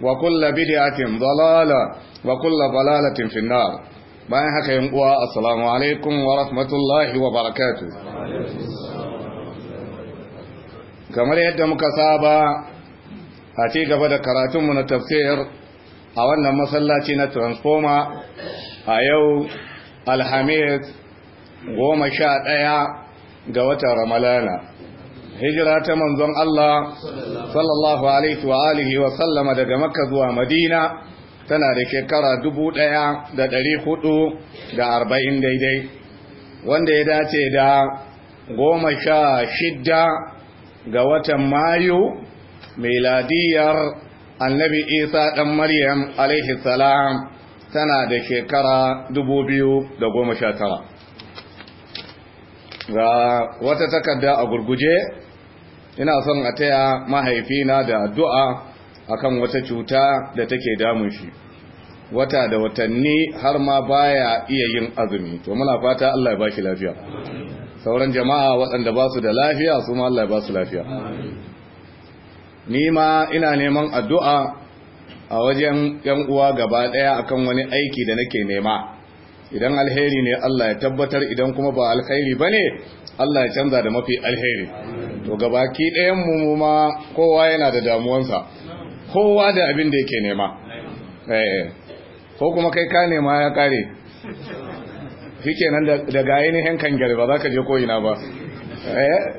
wa kulla bid'atin dalala wa kulla dalalatin fi nar bayan haka yin uwa assalamu alaikum wa rahmatullahi wa barakatuh kamar yadda muka saba a ci gaba da karatunmu na tafsir a wannan masallaci na transformer a yau alhamis goma sha ɗaya ga watan ramalana hijira ta manzon Allah sallallahu alaihi wa alihi wa sallama daga makka zuwa madina tana da shekara dubu da da arba'in daidai wanda ya dace da goma sha shidda ga watan mayu miladiyar annabi isa ɗan maryam alaihi salam tana da shekara dubu biyu da goma sha tara. ga wata takarda a gurguje ina son a taya mahaifina da addu'a akan wata cuta da take damun shi wata da watanni har ma baya iya yin azumi to muna fata Allah ya bashi lafiya sauran jama'a waɗanda ba su da lafiya su ma Allah ya ba su lafiya nima ina neman addu'a a wajen ‘yan uwa gaba ɗaya akan wani aiki da nake nema idan alheri ne Allah ya tabbatar idan kuma ba alheri ba ne Allah ya canza da mafi alheri to gabaki ɗayan mu ma kowa yana da damuwansa kowa da abin da yake nema eh, eh. ko kuma kai ka nema ya kare shikenan daga ainihin gari ba za ka je ko'ina ba eh.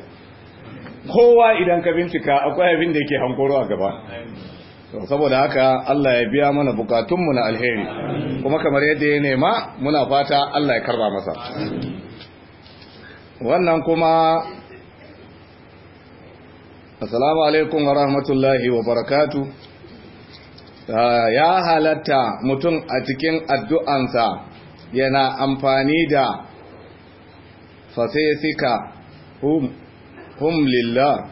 kowa idan ka bincika akwai abin da yake hankoro a gaba saboda haka Allah ya biya mana bukatunmu na alheri kuma kamar yadda ya nema muna fata Allah ya karba masa wannan kuma assalamu alaikum wa rahmatullahi wa barakatu ah, ya halatta mutum a cikin addu'ansa yana amfani da fasesika hum, lillah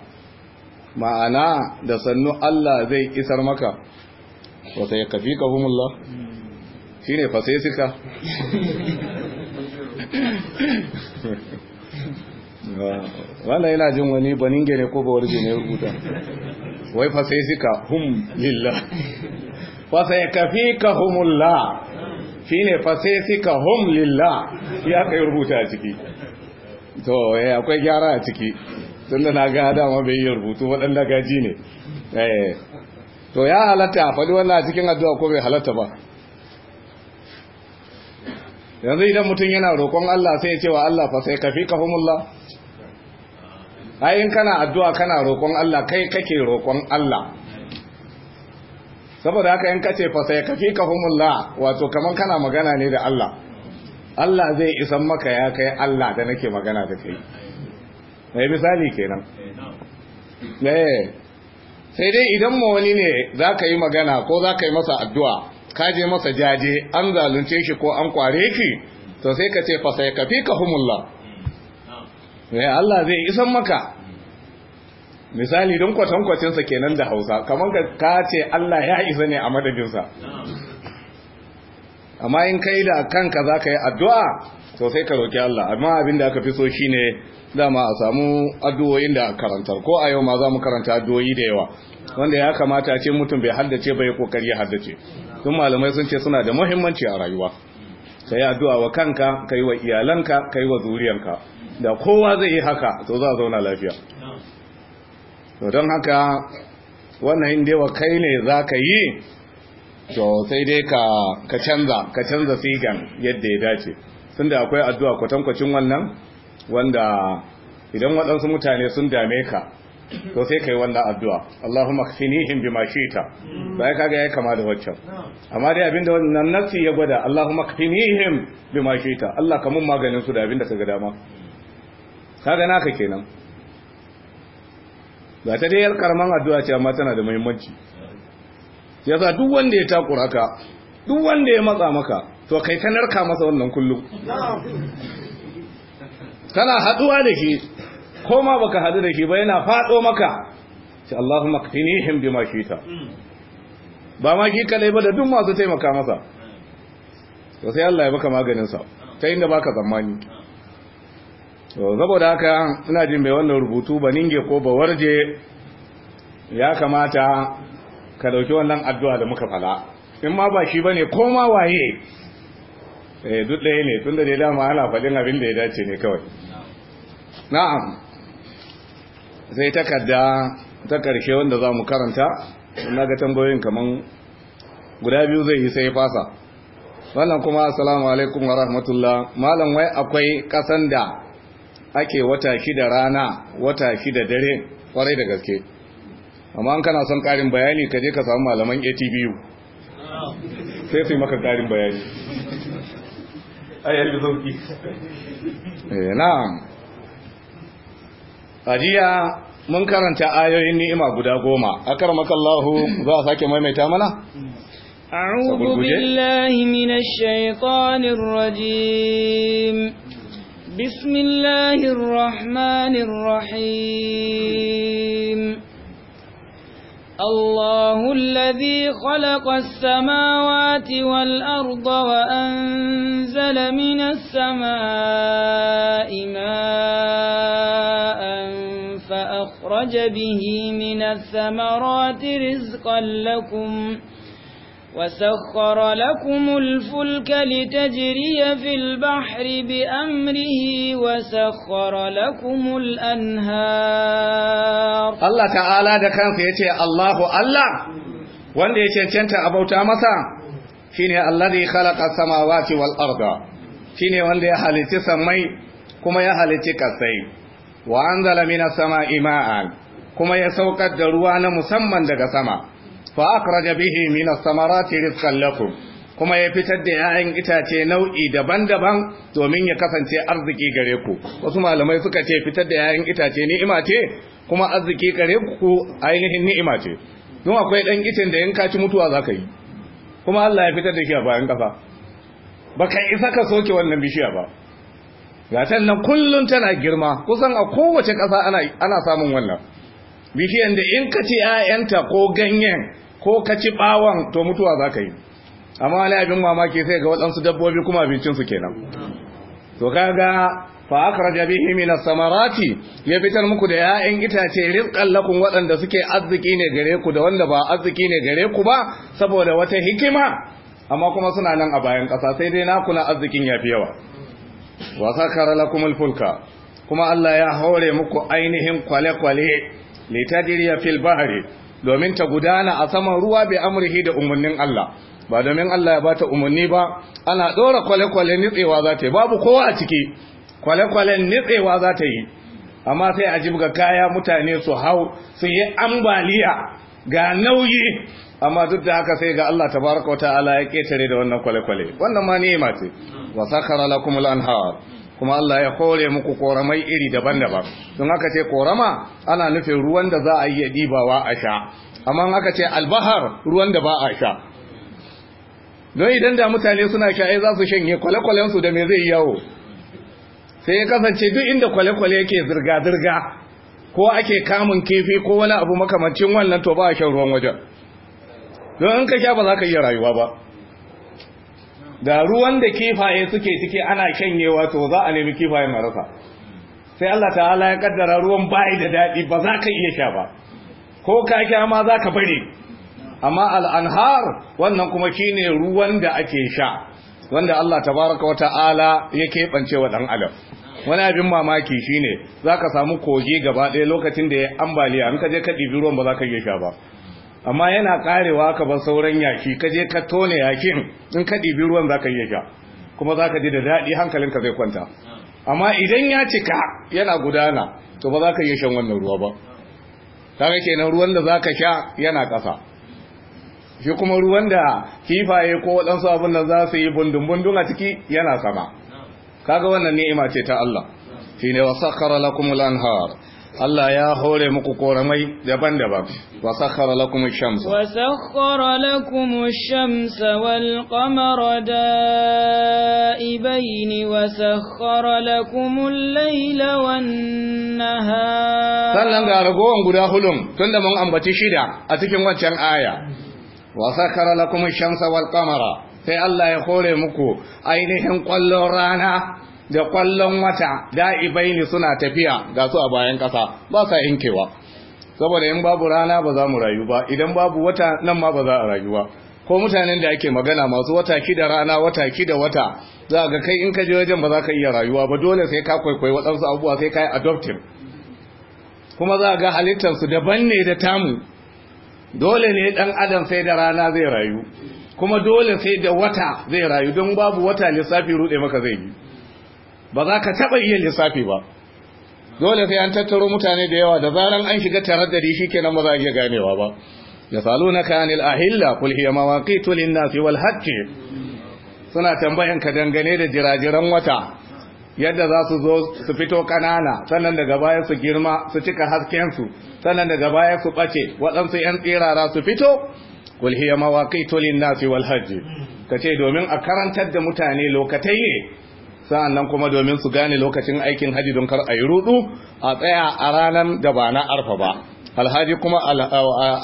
ma'ana da sannu Allah zai isar maka wasa ya kafi ka humullah shi ne fasesika wanda yana jin wani baninge ne ko bawar ne rubuta wai fa sai suka hum lillah fa sai ka humullah ne fa sai suka hum lillah ya kai rubuta a ciki to eh akwai gyara a ciki tun da na ga dama bai yi rubutu waɗanda gaji ne eh to ya halatta faɗi wannan a cikin addu'a ko bai halatta ba yanzu idan mutum yana roƙon Allah sai ya ce wa Allah fa sai kafi kahumullah ai ayin kana addu'a kana roƙon Allah kai kake roƙon Allah saboda haka in kace fa sai kafi kahumullah wato kaman kana magana ne da Allah Allah zai isan maka ya kai Allah da nake magana da kai mai eh, misali kenan eh sai dai idan ma wani ne zaka yi magana ko zaka yi masa addu'a ka je masa jaje an zalunce shi ko an kware shi, to sai ka ce fa sai ka fi ka sai Allah zai isan maka misali don kwatankwacinsa kenan da hausa kamar ka ce Allah ya isa ne a sa amma in kai da kanka za ka yi addu'a to sai ka roƙi Allah amma abin da aka fi so shine ne dama a samu addu'o'in da karantar ko a yau ma za mu karanta addu'o'i da yawa wanda ya kamata ce mutum bai haddace bai kokari ya haddace Tun malamai sun ce suna da muhimmanci a rayuwa Ka yi addu'a wa kanka ka yi wa iyalanka ka yi wa zuriyanka da kowa zai yi haka to za a zauna lafiya to don haka wannan inda yawa kai ne za ka yi to sai dai ka canza ka canza sigan yadda ya dace sun da akwai addu'a kwatankwacin wannan wanda idan waɗansu mutane sun dame ka to sai kai wannan addu'a Allahumma kfinihim bima shita bai kaga yayi kama da waccan amma dai abinda wannan nafsi ya gwada Allahumma kfinihim bima shita Allah kamun maganin su da abinda kaga dama kaga naka kenan ba ta dai yar karman addu'a ce amma tana da muhimmanci yasa duk wanda ya takura ka duk wanda ya matsa maka to kai ta narka masa wannan kullum kana haduwa da shi Koma baka hadu da shi ba yana fado maka sai Allahumma qtinihim bima shita ba ma shi kalai ba da duk masu taimaka masa to sai Allah ya baka maganin sa ta inda baka tsammani saboda haka ina jin bai wannan rubutu ba ninge ko ba warje ya kamata ka dauki wannan addu'a da muka fala in ma ba shi bane koma waye eh duk ɗaya ne tunda da dama ana fadin abin da ya dace ne kawai na'am sai takarda ta karshe wanda za mu karanta na ga tambayoyin kamar guda biyu zai yi sai fasa wannan kuma assalamu alaikum wa rahmatullah malam wai akwai kasan da ake wata shida rana wata shida dare kwarai da gaske amma an kana son karin bayani ka je ka samu malaman atbu sai su yi maka karin bayani ayyar da sauki eh, na'am hajiya mun karanta ayoyin ni'ima guda goma a karmakallahu za a sake maimaita mana a'udhu billahi minash shaitanir rajim bismillahir rahmanir rahim Allahu alladhi khalaqas samawati wal أخرج به من الثمرات رزقا لكم وسخر لكم الفلك لتجري في البحر بأمره وسخر لكم الأنهار الله تعالى دكان سيتي الله الله wanda ya cancanta a bauta masa shine alladhi khalaqa samawati wal arda shine wanda ya halitta samai kuma ya halarci kasai wa anzala minas sama'i ma'an kuma ya saukar da ruwa na musamman daga sama fa akhraja bihi minas samarati rizqan lakum kuma ya fitar da 'ya'yan itace nau'i daban-daban domin ya kasance arziki gare ku wasu malamai suka ce fitar da 'ya'yan itace ni'ima ce kuma arziki gare ku ainihin ni'ima ce don akwai dan itin da yanka ci mutuwa za ka yi kuma Allah ya fitar da shi a bayan kafa ba ka isa ka soke wannan bishiya ba gatan nan kullun tana girma kusan a kowace ƙasa ana ana samun wannan bishiyan da in ka ci 'ya'yanta ko ganyen ko ka ci ɓawon to mutuwa za ka yi amma wani abin mamaki sai ga waɗansu dabbobi kuma abincinsu kenan to kaga fa akhraja bihi min samarati ya fitar muku da 'ya'yan itace rizqan lakum waɗanda suke arziki ne gare ku da wanda ba arziki ne gare ku ba saboda wata hikima amma kuma suna nan a bayan ƙasa sai dai na na arzikin yafi yawa wa sakara lakum alfulka fulka kuma Allah ya hore muku ainihin kwale-kwale litadiriya fil bahri domin ta gudana a saman ruwa bi amrihi da umarnin Allah ba domin Allah ya bata umarni ba ana dora kwale-kwale nitsewa za ta yi babu kowa a ciki kwale-kwalen nitsewa za ta yi amma sai a jibga kaya mutane su hau su yi ambaliya ga nauyi amma duk da haka sai ga Allah tabaraka wa ta'ala ya ketare da wannan kwale-kwale wannan ma ne ma ce wa sakhara lakum al-anhar kuma Allah ya kore muku koramai iri daban-daban don haka ce korama ana nufin ruwan da za a yi dibawa a sha amma aka ce albahar ruwan da ba a sha don idan da mutane suna sha ai za su shanye kwale su da me zai yawo sai ya kasance duk inda kwale-kwale yake zirga-zirga ko ake kamun kifi ko wani abu makamancin wannan to ba a shan ruwan wajen don in ka sha ba za ka iya rayuwa ba da ruwan da kifaye suke ciki ana shanyewa to za a nemi kifaye marasa. sai Allah ta'ala ya kaddara ruwan bai da daɗi ba za ka iya sha ba ko ka sha ma za ka bari amma al'anhar wannan kuma shine ruwan da ake sha wanda Allah tabaraka wa ta'ala ya keɓance wa ɗan adam wani abin mamaki shine zaka samu kogi gaba ɗaya lokacin da ya ambaliya in ka je ka ɗibi ruwan ba za ka iya sha ba amma yana karewa ka bar sauran yaki ka je ka tone yakin in ka ɗibi ruwan za ka iya sha kuma za ka ji da daɗi hankalinka zai kwanta amma idan ya cika yana gudana to ba za ka iya shan wannan ruwa ba kaga kenan ruwan da za ka sha yana ƙasa shi kuma ruwan da kifaye ko waɗansu abin da za su yi bundun-bundun a ciki yana sama kaga wannan ni'ima ce ta Allah shine wa sakhara lakumul anhar Allah ya hore muku koramai daban-daban wa sakhara shamsa wa sakhara shamsa wal qamara da'ibain wa sakhara layla wan-nahar sannan ga ragowan guda hulun tunda mun ambaci shida a cikin waccan aya wa sakhara shamsa wal qamara sai Allah ya hore muku ainihin kwallon rana da kwallon wata da'ibai ne suna tafiya ga su a bayan kasa ba sa yankewa saboda in babu rana ba za mu rayu ba idan babu wata nan ma ba za a rayu ba ko mutanen da ake magana masu wata ki da rana wata ki da wata za ga kai in ka je wajen ba za ka iya rayuwa ba dole sai ka kwaikwayi waɗansu abubuwa sai ka yi adoptive kuma za ga halittarsu daban ne da tamu dole ne ɗan adam sai da rana zai rayu kuma dole sai da wata zai rayu don babu wata lissafi rude maka zai yi ba za ka taɓa iya lissafi ba dole sai an tattaro mutane da yawa da zaran an shiga taraddadi shikenan ba za ka ganewa ba na kanil ahilla kul hiya mawaqitu lin-nasi wal hajji suna tambayan ka dangane da jirajiran wata yadda za su zo su fito kanana sannan daga baya su girma su cika hasken su sannan daga baya su bace waɗansu 'yan tsirara su fito kul hiya mawaqitu lin-nasi wal hajj kace domin a karantar da mutane lokacin ne sa'annan kuma domin su gane lokacin aikin haji don kar ayi rudu a tsaya a ranan da ba na arfa ba alhaji kuma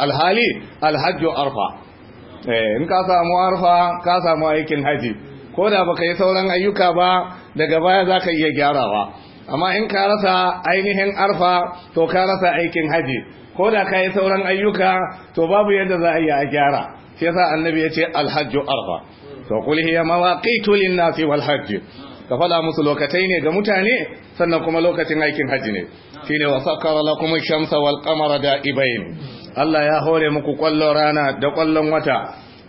alhali alhajju arfa eh in ka samu arfa ka samu aikin haji ko da baka yi sauran ayyuka ba daga baya zaka iya gyarawa amma in ka rasa ainihin arfa to ka rasa aikin haji ko da ka yi sauran ayyuka to babu yadda za a yi a gyara shi yasa annabi ya ce alhajju arba to kul hiya mawaqitu lin-nasi wal hajj ka fada musu lokatai ne ga mutane sannan kuma lokacin aikin Hajji ne shine wa sakkara lakum ash-shamsa wal qamara da'ibain Allah ya hore muku kwallon rana da kwallon wata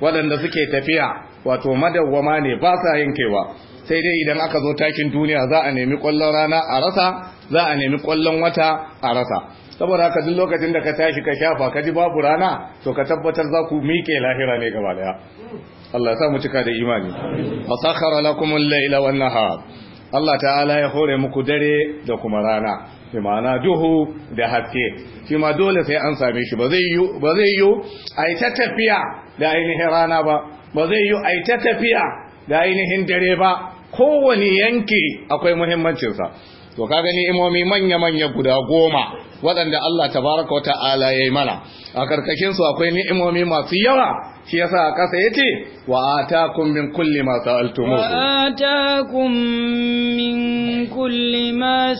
waɗanda suke tafiya wato madawwama ne ba sa yankewa sai dai idan aka zo takin duniya za a nemi kwallon rana a rasa za a nemi kwallon wata a rasa saboda haka duk lokacin da ka tashi ka shafa ka ji babu rana to ka tabbatar za ku miƙe lahira ne gaba daya Allah ya sa mu cika da imani fa sakhara lakum al-laila wan nahar Allah ta'ala ya hore muku dare da kuma rana bi ma'ana duhu da haske shi ma dole sai an same shi ba zai yi ba zai yi ai ta tafiya da ainihin rana ba ba zai yi ai ta tafiya da ainihin dare ba kowane yanki akwai muhimmancinsa to kaga ni'imomi manya-manya guda goma waɗanda Allah tabaraka wata'ala ya yi mana a karkashin su akwai ni'imomi masu yawa shi yasa a ƙasa yace wa atakum min kulli ma sa'altumuhu wa atakum min kulli ma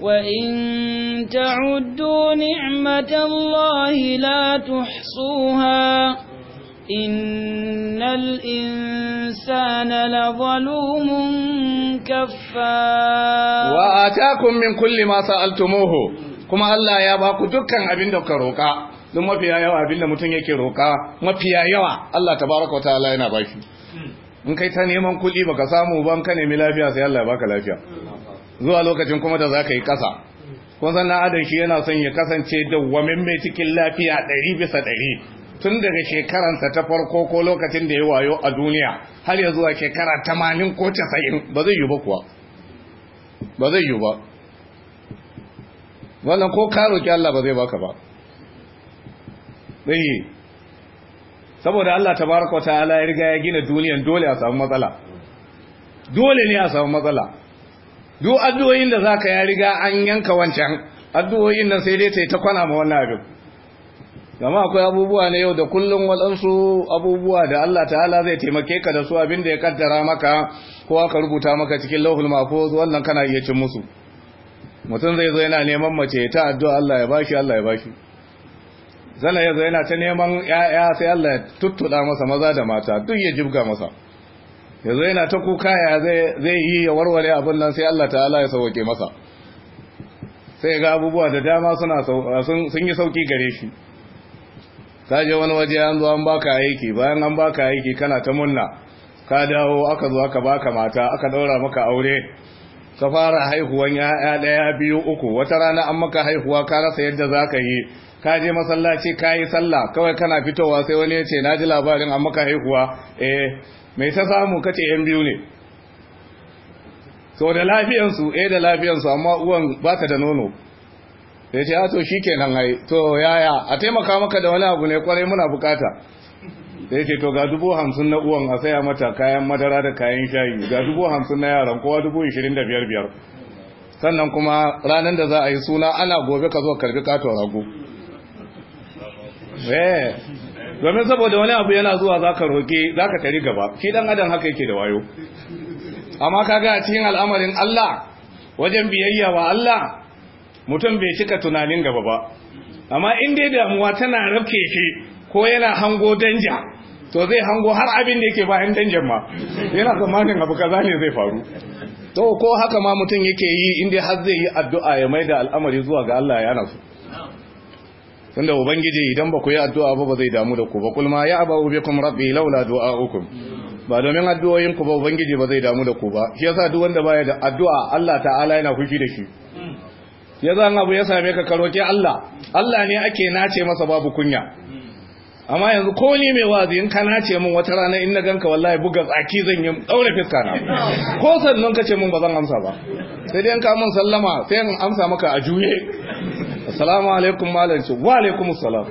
Wa in تَعُدُّوا نِعْمَةَ اللَّهِ لَا تُحْصُوهَا إن الإنسان لظلوم كفار وآتاكم من كل ما سألتموه كما الله يا باكو دكان أبين دكا روكا don mafiya yawa abinda mutum yake roka mafiya yawa Allah tabaraka wa ta'ala yana baki in kai ta neman kuɗi baka samu ban ka nemi lafiya sai Allah ya baka lafiya zuwa lokacin kuma da zaka yi ƙasa. kun san na adam shi yana son ya kasance dawwamin mai cikin lafiya ɗari bisa ɗari tun daga shekaransa ta farko ko lokacin da ya wayo a duniya har ya zuwa shekara tamanin ko casa'in ba zai yi ba kuwa ba zai yi ba wannan ko karo ki Allah ba zai baka ba zai saboda Allah tabaraka ala ya riga ya gina duniyan dole a samu matsala dole ne a samu matsala duk addu'o'in da zaka ya riga an yanka wancan addu'o'in nan sai dai yi ta kwana ma wannan abin gama akwai abubuwa na yau da kullum waɗansu abubuwa da Allah ta'ala zai taimake ka da su abin da ya kaddara maka ko aka rubuta maka cikin lauhul mahfuz wannan kana iya cin musu mutum zai zo yana neman mace ta addu'a Allah ya bashi Allah ya bashi zana ya zo yana ta neman ya'ya sai Allah ya tuttuɗa masa maza da mata duk ya jibga masa ya zo yana ta kuka ya zai yi ya warware abin nan sai Allah ta'ala ya sauke masa sai ga abubuwa da dama suna sun yi sauki gare shi ka je wani waje an zo an baka aiki bayan an baka aiki kana ta munna ka dawo aka zo aka baka mata aka daura maka aure ka fara haihuwan ya'ya daya biyu uku wata rana an maka haihuwa ka rasa yadda za ka yi ka je masallaci ka yi sallah kawai kana fitowa sai wani ya ce na ji labarin an maka haihuwa eh mai ta samu kace yan biyu ne so da lafiyansu eh da lafiyansu amma uwan ba ta da nono sai ce ato ah, shi kenan hai to yaya a taimaka maka da wani abu ne kwarai muna bukata sai ce to ga dubu hamsin na uwan a saya mata kayan madara da kayan shayi ga dubu hamsin na yaran kowa dubu ishirin da biyar biyar sannan kuma ranar da za a yi suna ana gobe ka zo karfi katon rago eh. domin saboda wani abu yana zuwa za ka roƙe za ka tari gaba shi dan adam haka yake da wayo amma ka ga cikin al'amarin Allah wajen biyayya wa Allah mutum bai cika tunanin gaba ba amma in dai damuwa tana rafke shi ko yana hango danja to zai hango har abin da yake bayan danjan ma yana zamanin abu kaza ne zai faru to ko haka ma mutum yake yi in dai har zai yi addu'a ya maida al'amari zuwa ga Allah ya nasu tunda ubangiji idan ba ku yi addu'a ba ba zai damu da ku ba kulma ya aba ubikum rabbi laula du'a'ukum ba domin addu'oyin ku ba ubangiji ba zai damu da ku ba shi yasa duk wanda baya da addu'a Allah ta'ala yana fushi da shi ya zan abu ya same ka karoke Allah Allah ne ake nace masa babu kunya amma yanzu ko ni mai wazi in ka nace min wata rana in na ganka wallahi buga tsaki zan yi daure fiska na ko sannan ka ce min ba zan amsa ba sai dai in ka min sallama sai in amsa maka a juye assalamu alaikum malam ce wa alaikum assalam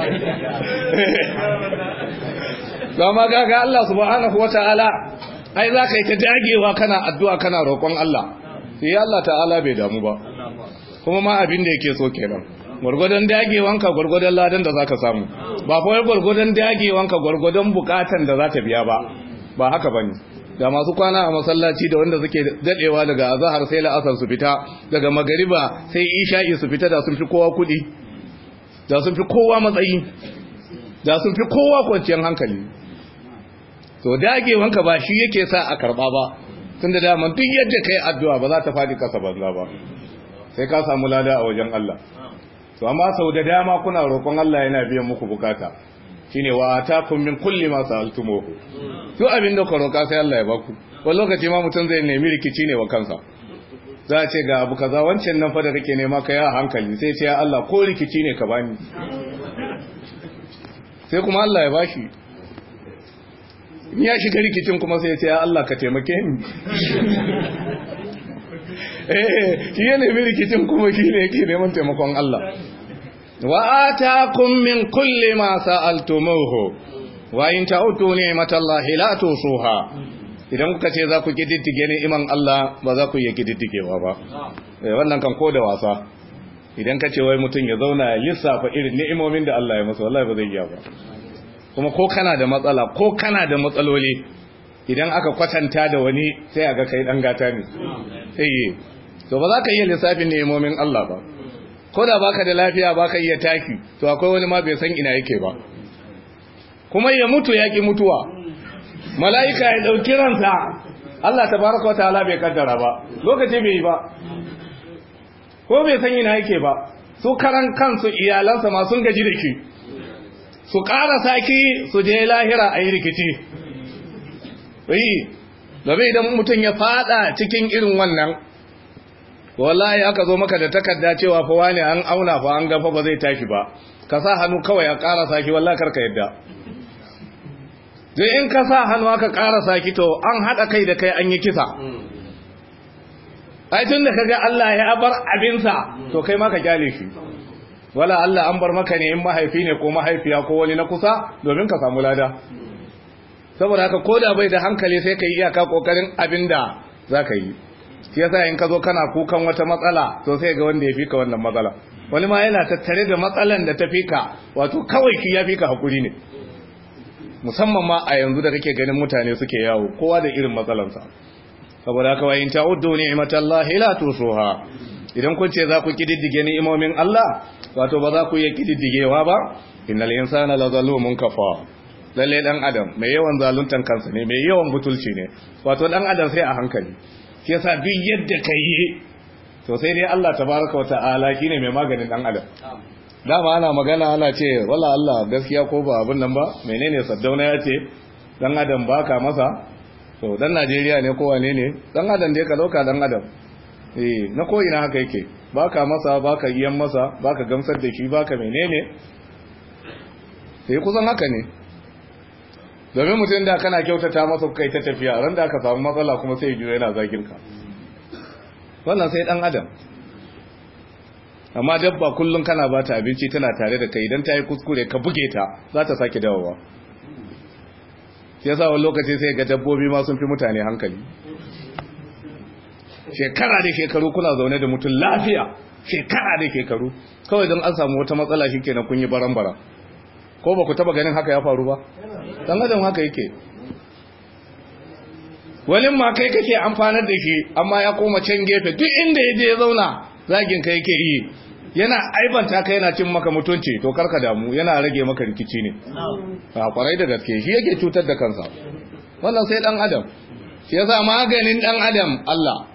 Gama gaga Allah subhanahu wa ta'ala ai za ka yi ta dagewa kana addu'a kana roƙon Allah sai Allah ta'ala bai damu ba kuma ma abin da yake so kenan gwargwadon dagewanka gwargwadon ladan da za ka samu ba kawai gwargwadon dagewanka gwargwadon bukatan da za ta biya ba ba haka ba ne da masu kwana a masallaci da wanda suke daɗewa daga azahar sai la'asar su fita daga magariba sai isha'i su fita da sun fi kowa kudi da sun fi kowa matsayi da sun fi kowa kwanciyar hankali to dagewanka ba shi yake sa a karba ba tun da daman duk yadda ka yi addu'a ba za ta faɗi kasa banza ba sai ka samu lada a wajen Allah to amma sau da dama kuna roƙon Allah yana biyan muku bukata shine wa atakum min kulli ma sa'altumuhu to abin da ku roƙa sai Allah ya baku wani lokaci ma mutum zai nemi rikici ne wa kansa za a ce ga abu kaza wancan nan fa da kake nema ka ya hankali sai ce ya Allah ko rikici ne ka bani sai kuma Allah ya bashi Ni ya shiga rikicin kuma sai ce ya Allah ka taimake ni eh shi ne mai rikicin kuma shi ne yake neman taimakon Allah wa atakum min kulli ma sa'altumuhu wa in ta'utu matallahi la tusuha idan kuka ce za ku kididdige iman Allah ba za ku iya kididdigewa ba eh, wannan kan ko da wasa idan ka ce wai mutum ya zauna ya lissafa irin ni'imomin da Allah ya masa wallahi ba zai iya ba kuma ko kana da matsala ko kana da matsaloli idan aka kwatanta da wani sai a ga kai dan gata ne sai eh, to ba za ka iya lissafin nemomin Allah ba ko da baka da lafiya baka iya taki to akwai wani ma bai san ina yake ba kuma ya mutu ya ki mutuwa mala'ika ya dauki ransa Allah tabaraka wa ta'ala bai kaddara ba lokaci bai yi ba ko bai san ina yake ba su karan kansu iyalansa ma sun gaji da shi su ƙara saki su je lahira a yi rikici yi domin idan mutum ya fada cikin irin wannan wallahi aka zo maka da takarda cewa fa wani an auna fa an gafa ba zai tashi ba ka sa hannu kawai a ƙara saki wallahi karka yadda zai in ka sa hannu aka ƙara saki to an haɗa kai da kai an yi kisa ai tun da kaga Allah ya bar abinsa to kai ma ka shi wala Allah an bar maka ne in mahaifi ne ko mahaifiya ko wani na kusa domin ka samu lada saboda haka ko da bai da hankali sai ka yi iyaka kokarin abinda da za ka yi shi yasa in ka zo kana kukan wata matsala to sai ga wanda ya fika wannan matsala wani ma yana tattare da matsalan da ta fika wato kawai ki ya fika hakuri ne musamman ma a yanzu da kake ganin mutane suke yawo kowa da irin matsalansa saboda haka wayin ta'uddu ni'matallahi la tusuha idan kun ce za ku kididdige ni'imomin Allah wato ba za ku iya kididdigewa ba innal insana la zalumun kafa lalle dan adam mai yawan zaluntan kansa ne mai yawan butulci ne wato dan adam sai a hankali shi yasa duk yadda kai to sai dai Allah tabaraka wa ta'ala ne mai maganin dan adam dama ana magana ana ce wala Allah gaskiya ko ba abin nan ba menene saddauna ya ce dan adam baka masa to dan Najeriya ne ko wane ne dan adam dai ka dauka dan adam eh na ko ina haka yake baka masa baka yiyan masa baka gamsar da shi baka menene sai eh, kusan haka ne domin mutum da kana kyautata masa kai ta tafiya ran da aka samu matsala kuma sai juyo yana zagin ka wannan sai dan adam amma dabba kullum kana ba ta abinci tana tare da kai idan ta yi kuskure ka buge ta za ta sake dawowa ya sa wani lokaci sai ga dabbobi ma sun fi mutane hankali shekara da shekaru kuna zaune da mutum lafiya shekara da shekaru kawai don an samu wata matsala shi kenan kun yi barambara ko ba ku taba ganin haka ya faru ba don adam haka yake walin ma kai kake amfanar da shi amma ya koma can gefe duk inda ya je ya zauna zagin ka yake yi yana aibanta ka yana cin maka mutunci to karka damu yana rage maka rikici ne a kwarai da gaske shi yake cutar da kansa wannan sai dan adam shi yasa maganin dan adam Allah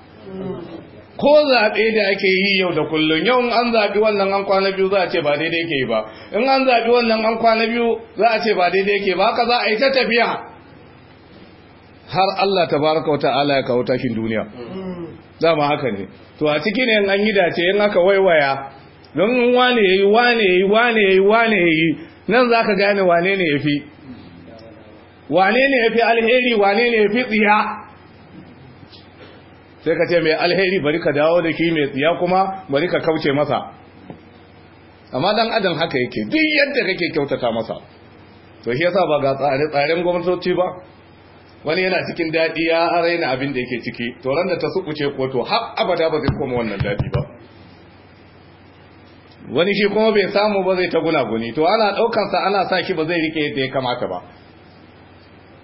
ko zaɓe da ake yi yau da kullum yau in an zaɓi wannan an kwana biyu za a ce ba daidai ke ba in an zaɓi wannan an kwana biyu za a ce ba daidai ke ba haka za a yi ta tafiya har Allah ta baraka wa ta'ala ya kawo tashin duniya Za dama haka ne to a ciki ne an yi dace in aka waiwaya don in wane yi, wane ya yi, wane ya yi, wane ya yi, nan za ka gane wane ne ya fi? wane ne fi alheri wane ne fi tsiya sai ka ce mai alheri bari ka dawo da ki mai tsiya kuma bari ka kauce masa amma dan adam haka yake duk yadda kake kyautata masa to shi yasa ba ga tsare tsaren gwamnatoci ba wani yana cikin daɗi ya raina abin da yake ciki to ran da ta sukuce ko to har abada ba zai koma wannan daɗi ba wani shi kuma bai samu ba zai ta guni to ana sa ana sa shi ba zai rike yadda ya kamata ba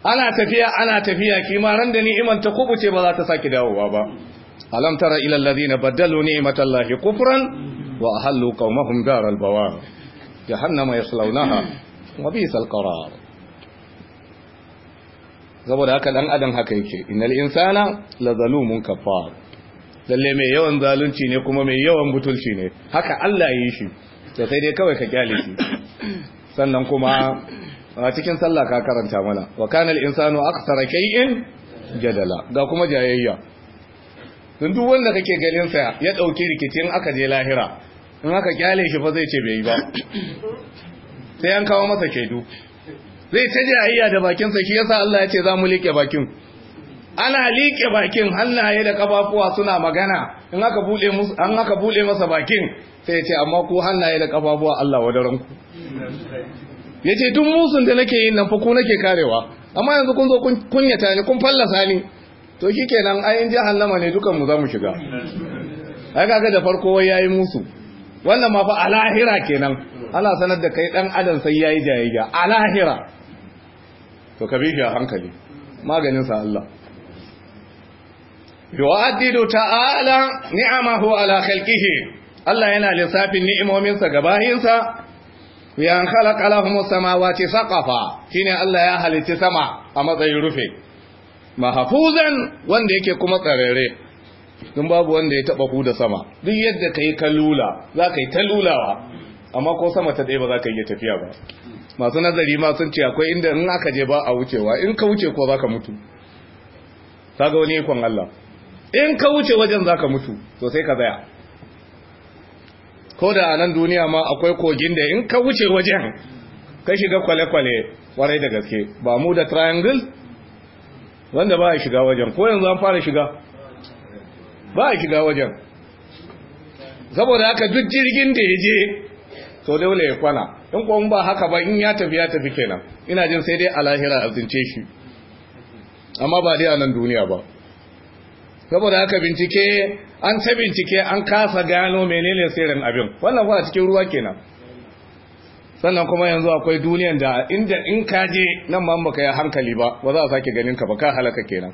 ana tafiya ana tafiya kima ran da ni'iman ta kubuce ba za ta saki dawowa ba alam tara ila alladhina badalu ni'matallahi kufran wa ahallu qaumahum daral bawar jahannama yaslawnaha wa bisal qarar saboda haka dan adam haka yake innal insana lazalumun kafar lalle mai yawan zalunci ne kuma mai yawan butulci ne haka Allah ya yi shi to sai dai kawai ka kyale shi sannan kuma a cikin sallah ka karanta mana wa kana al-insanu aktsara kay'in jadala ga kuma jayayya tun duk wanda kake ganin sa ya dauki rikicin aka je lahira in aka kyale shi fa zai ce bai ba sai an kawo masa shaidu. zai ta jayayya da bakin sa shi yasa Allah ya ce za mu liƙe bakin ana liƙe bakin hannaye da kafafuwa suna magana in aka bude musu an aka bude masa bakin sai ya ce amma ku hannaye da kafafuwa Allah ku. ya ce tun musun da nake yin nan ko nake karewa amma yanzu kun zo kun kunyata ni kun fallasa ni to shi kenan ayin jahannama ne dukan mu za mu shiga ai kaga da farko wai yayi musu wannan ma fa alahira kenan ana sanar da kai dan adam sai yayi jayayya alahira to ka bi shi a hankali maganin sa Allah yu'addidu ta'ala ni'amahu ala khalqihi Allah yana lissafin ni'imominsa ga bayinsa. bi an khalaqa lahum samawati saqafa shine Allah ya halitta sama a matsayin rufe mahfuzan wanda yake kuma tsarere dun babu wanda ya taba huda sama duk yadda kai kalula zaka yi talulawa amma ko sama ta dai ba zaka ya tafiya ba masu nazari ma sun ce akwai inda in aka je ba a wucewa in ka wuce ko zaka mutu kaga wani ikon Allah in ka wuce wajen zaka mutu to sai ka zaya. ko da a nan duniya ma akwai kogin da in ka wuce wajen ka shiga kwale-kwale warai da gaske ba mu da triangle wanda ba a shiga wajen ko yanzu an fara shiga ba a shiga wajen saboda haka duk jirgin da ya je to dole ya kwana in kuma ba haka ba in ya tafi ya tafi kenan ina jin sai dai a lahira a zince shi amma ba dai a nan duniya ba saboda haka bincike an ta bincike an kasa gano menene sirrin abin wannan kuma cikin ruwa kenan sannan kuma yanzu akwai duniyan da inda in ka je nan ma baka yi hankali ba ba za a sake ganin ka ba ka halaka kenan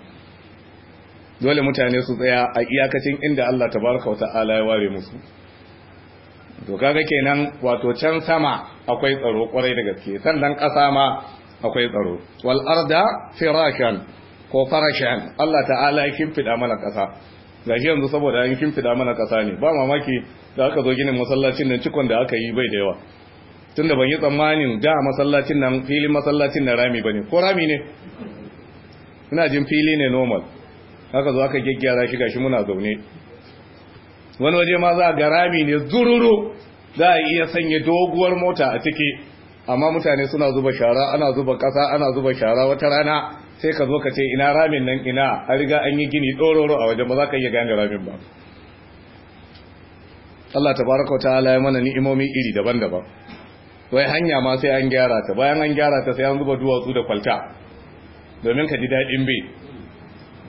dole mutane su tsaya a iyakacin inda Allah tabaraka wata'ala ya ware musu to kaga kenan wato can sama akwai tsaro kwarai da gaske sannan ƙasa ma akwai tsaro wal arda firashan ko farashin Allah ta'ala ya kimfida mana kasa gashi yanzu saboda an kimfida mana kasa ne ba mamaki da aka zo ginin masallacin nan cikon da aka yi bai da yawa tunda ban yi tsammanin da masallacin nan filin masallacin nan rami bane ko rami ne ina jin fili ne normal aka zo aka gyaggyara shi gashi muna zaune wani waje ma za ga rami ne zururu za a iya sanya doguwar mota a ciki amma mutane suna zuba shara ana zuba kasa ana zuba shara wata rana sai ka zo ka ce ina ramin nan ina a riga an yi gini ɗororo a wajen ba za ka iya gane ramin ba Allah ta baraka wata ala ya mana ni'imomi iri daban-daban wai hanya ma sai an gyara ta bayan an gyara ta sai an zuba duwatsu da kwalta domin ka ji daɗin bi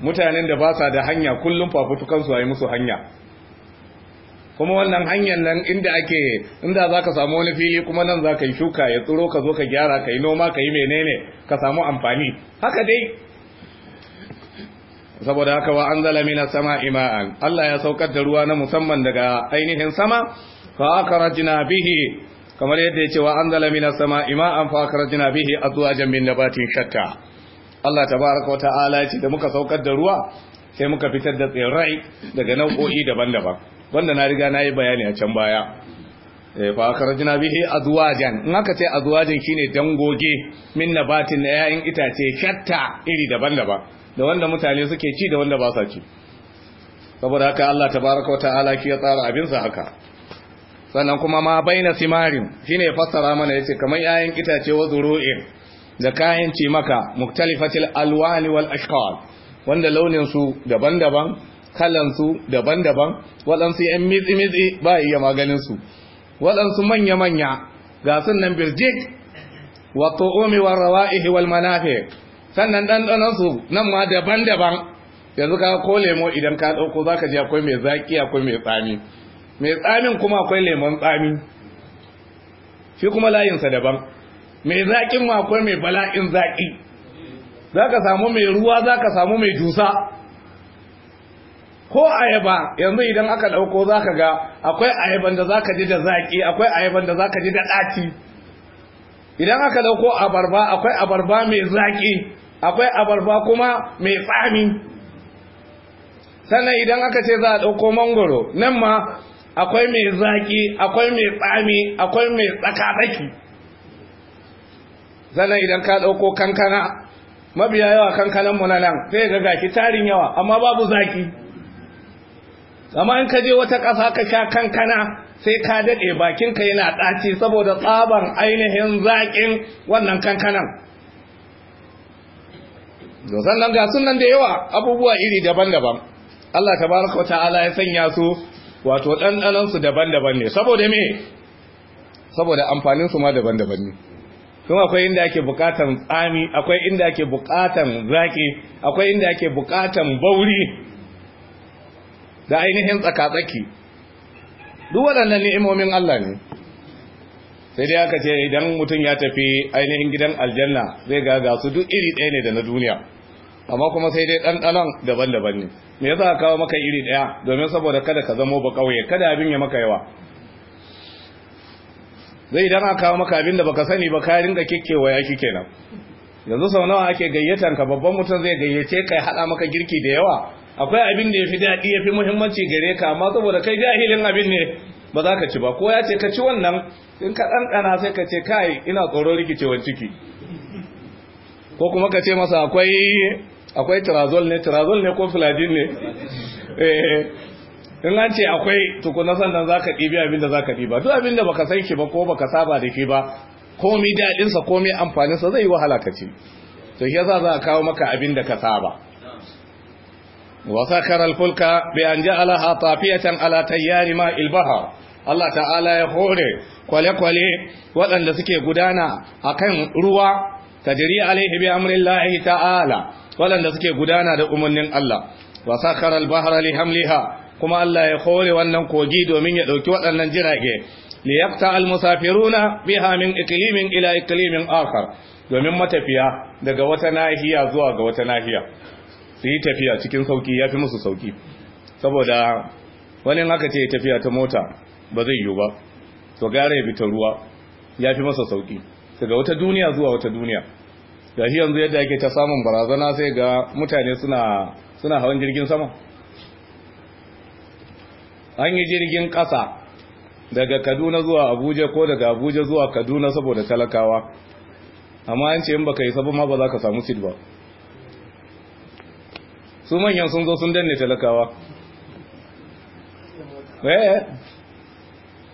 mutanen da ba sa da hanya kullum fafutukansu a yi musu hanya kuma wannan hanyar nan inda ake inda za ka samu wani fili kuma nan za ka yi shuka ya tsuro ka zo ka gyara ka yi noma ka yi menene ka samu amfani haka dai saboda haka wa an zala mina sama ima'an Allah ya saukar da ruwa na musamman daga ainihin sama fa jina bihi kamar yadda ya ce wa an zala mina sama ima'an fa jina bihi azwajan da batin shakka. Allah ta ba wa wata ya ce da muka saukar da ruwa sai muka fitar da tsirrai daga nau'o'i daban-daban wanda na riga na yi bayani a can baya eh, fa karajina bihi azwajan in aka ce azwajin shine dangoge min nabatin na yayin itace shatta iri daban-daban da wanda mutane suke ci da wanda ba sa ci saboda haka Allah tabaraka ta'ala shi ya tsara abin sa haka sannan kuma ma baina simarin shine ya fassara mana yace kamar yayin itace wa zuru'in da kayan ci maka muktalifatil alwani wal ashqal wanda launin su daban-daban kalansu daban-daban waɗansu ‘yan mitsi-mitsi ba iya maganinsu waɗansu manya-manya ga sunan birjik wato omewar rawa'ihi ihiwal manafe sannan ɗanɗanansu nan ma daban-daban yanzu ka ko lemo idan ka ɗauko za ka ji akwai mai zaƙi akwai mai tsami mai tsamin kuma akwai lemon tsami shi kuma layinsa daban mai zaƙin ma akwai mai bala'in zaƙi za ka samu mai ruwa za ka samu mai dusa ko ayaba yanzu idan aka dauko zaka ga akwai ayaban da zaka ji da zaki akwai ayaban da zaka ji da daki idan aka dauko abarba akwai abarba mai zaki akwai abarba kuma mai tsami sannan idan aka ce za a dauko mangoro nan ma akwai mai zaki akwai mai tsami akwai mai tsakatsaki sannan idan ka dauko kankana mabiya yawa kankanan mu na nan sai ga gaki tarin yawa amma babu zaki amma in ka je wata ƙasa ka sha kankana sai ka daɗe bakinka yana ɗaci saboda tsaban ainihin zaƙin wannan kankanan sannan ga sunan da yawa abubuwa iri daban-daban Allah ta tabaraka ta'ala ya sanya su wato ɗanɗanansu su daban-daban ne saboda me saboda amfanin su ma daban-daban ne kuma akwai inda ake bukatan tsami akwai inda ake bukatan zaƙi, akwai inda ake bukatan bauri da ainihin tsakatsaki duk waɗannan ni'imomin Allah ne sai dai aka ce idan mutum ya tafi ainihin gidan aljanna zai gagasu su duk iri ɗaya ne da na duniya amma kuma sai dai ɗanɗanon daban-daban ne me yasa kawo maka iri ɗaya domin saboda kada ka zamo ba ƙauye kada abin ya maka yawa zai idan aka kawo maka abin da baka sani ba ka rinka kikkewa ya kike nan yanzu sau nawa ake gayyatan ka babban mutum zai gayyace ka ya haɗa maka girki da yawa akwai abin da ya fi daɗi ya fi muhimmanci gare ka amma saboda kai jahilin abin ne ba za ka ci ba ko ya ce ka ci wannan in ka ɗanɗana sai ka ce kai ina tsoron rikicewar ciki ko kuma ka ce masa akwai akwai tirazol ne tirazol ne ko filajin ne eh, in an ce akwai tukuna sannan za ka ɗibi abin da za ka ɗiba duk abin da baka san ki ba ko baka saba da ki ba komi daɗinsa komi amfaninsa zai yi wahala ka ci to shi yasa za a kawo maka abin da ka saba وسخر الفلك بأن جعلها طافية على تيار ماء البحر Allah ta'ala ya hore kwale-kwale waɗanda suke gudana a kan ruwa ta jiri alaihi bi amrin lahi ta'ala waɗanda suke gudana da umarnin Allah wa sakar albahar hamliha kuma Allah ya hore wannan kogi domin ya ɗauki waɗannan jirage liyafta almusafiruna biha min iklimin ila iklimin akhar domin matafiya daga wata nahiya zuwa ga wata nahiya su yi tafiya cikin sauki ya fi musu sauki saboda wani haka ce tafiya ta mota ba zai yiwu ba to gara ya fita ruwa ya fi masa sauki daga wata duniya zuwa wata duniya da shi yanzu yadda ake ta samun barazana sai ga mutane suna hawan jirgin sama an yi jirgin kasa daga kaduna zuwa abuja ko daga abuja zuwa kaduna saboda talakawa amma an ce in baka yi sabon ma ba za ka samu sid ba su manyan sun zo sun danne talakawa eh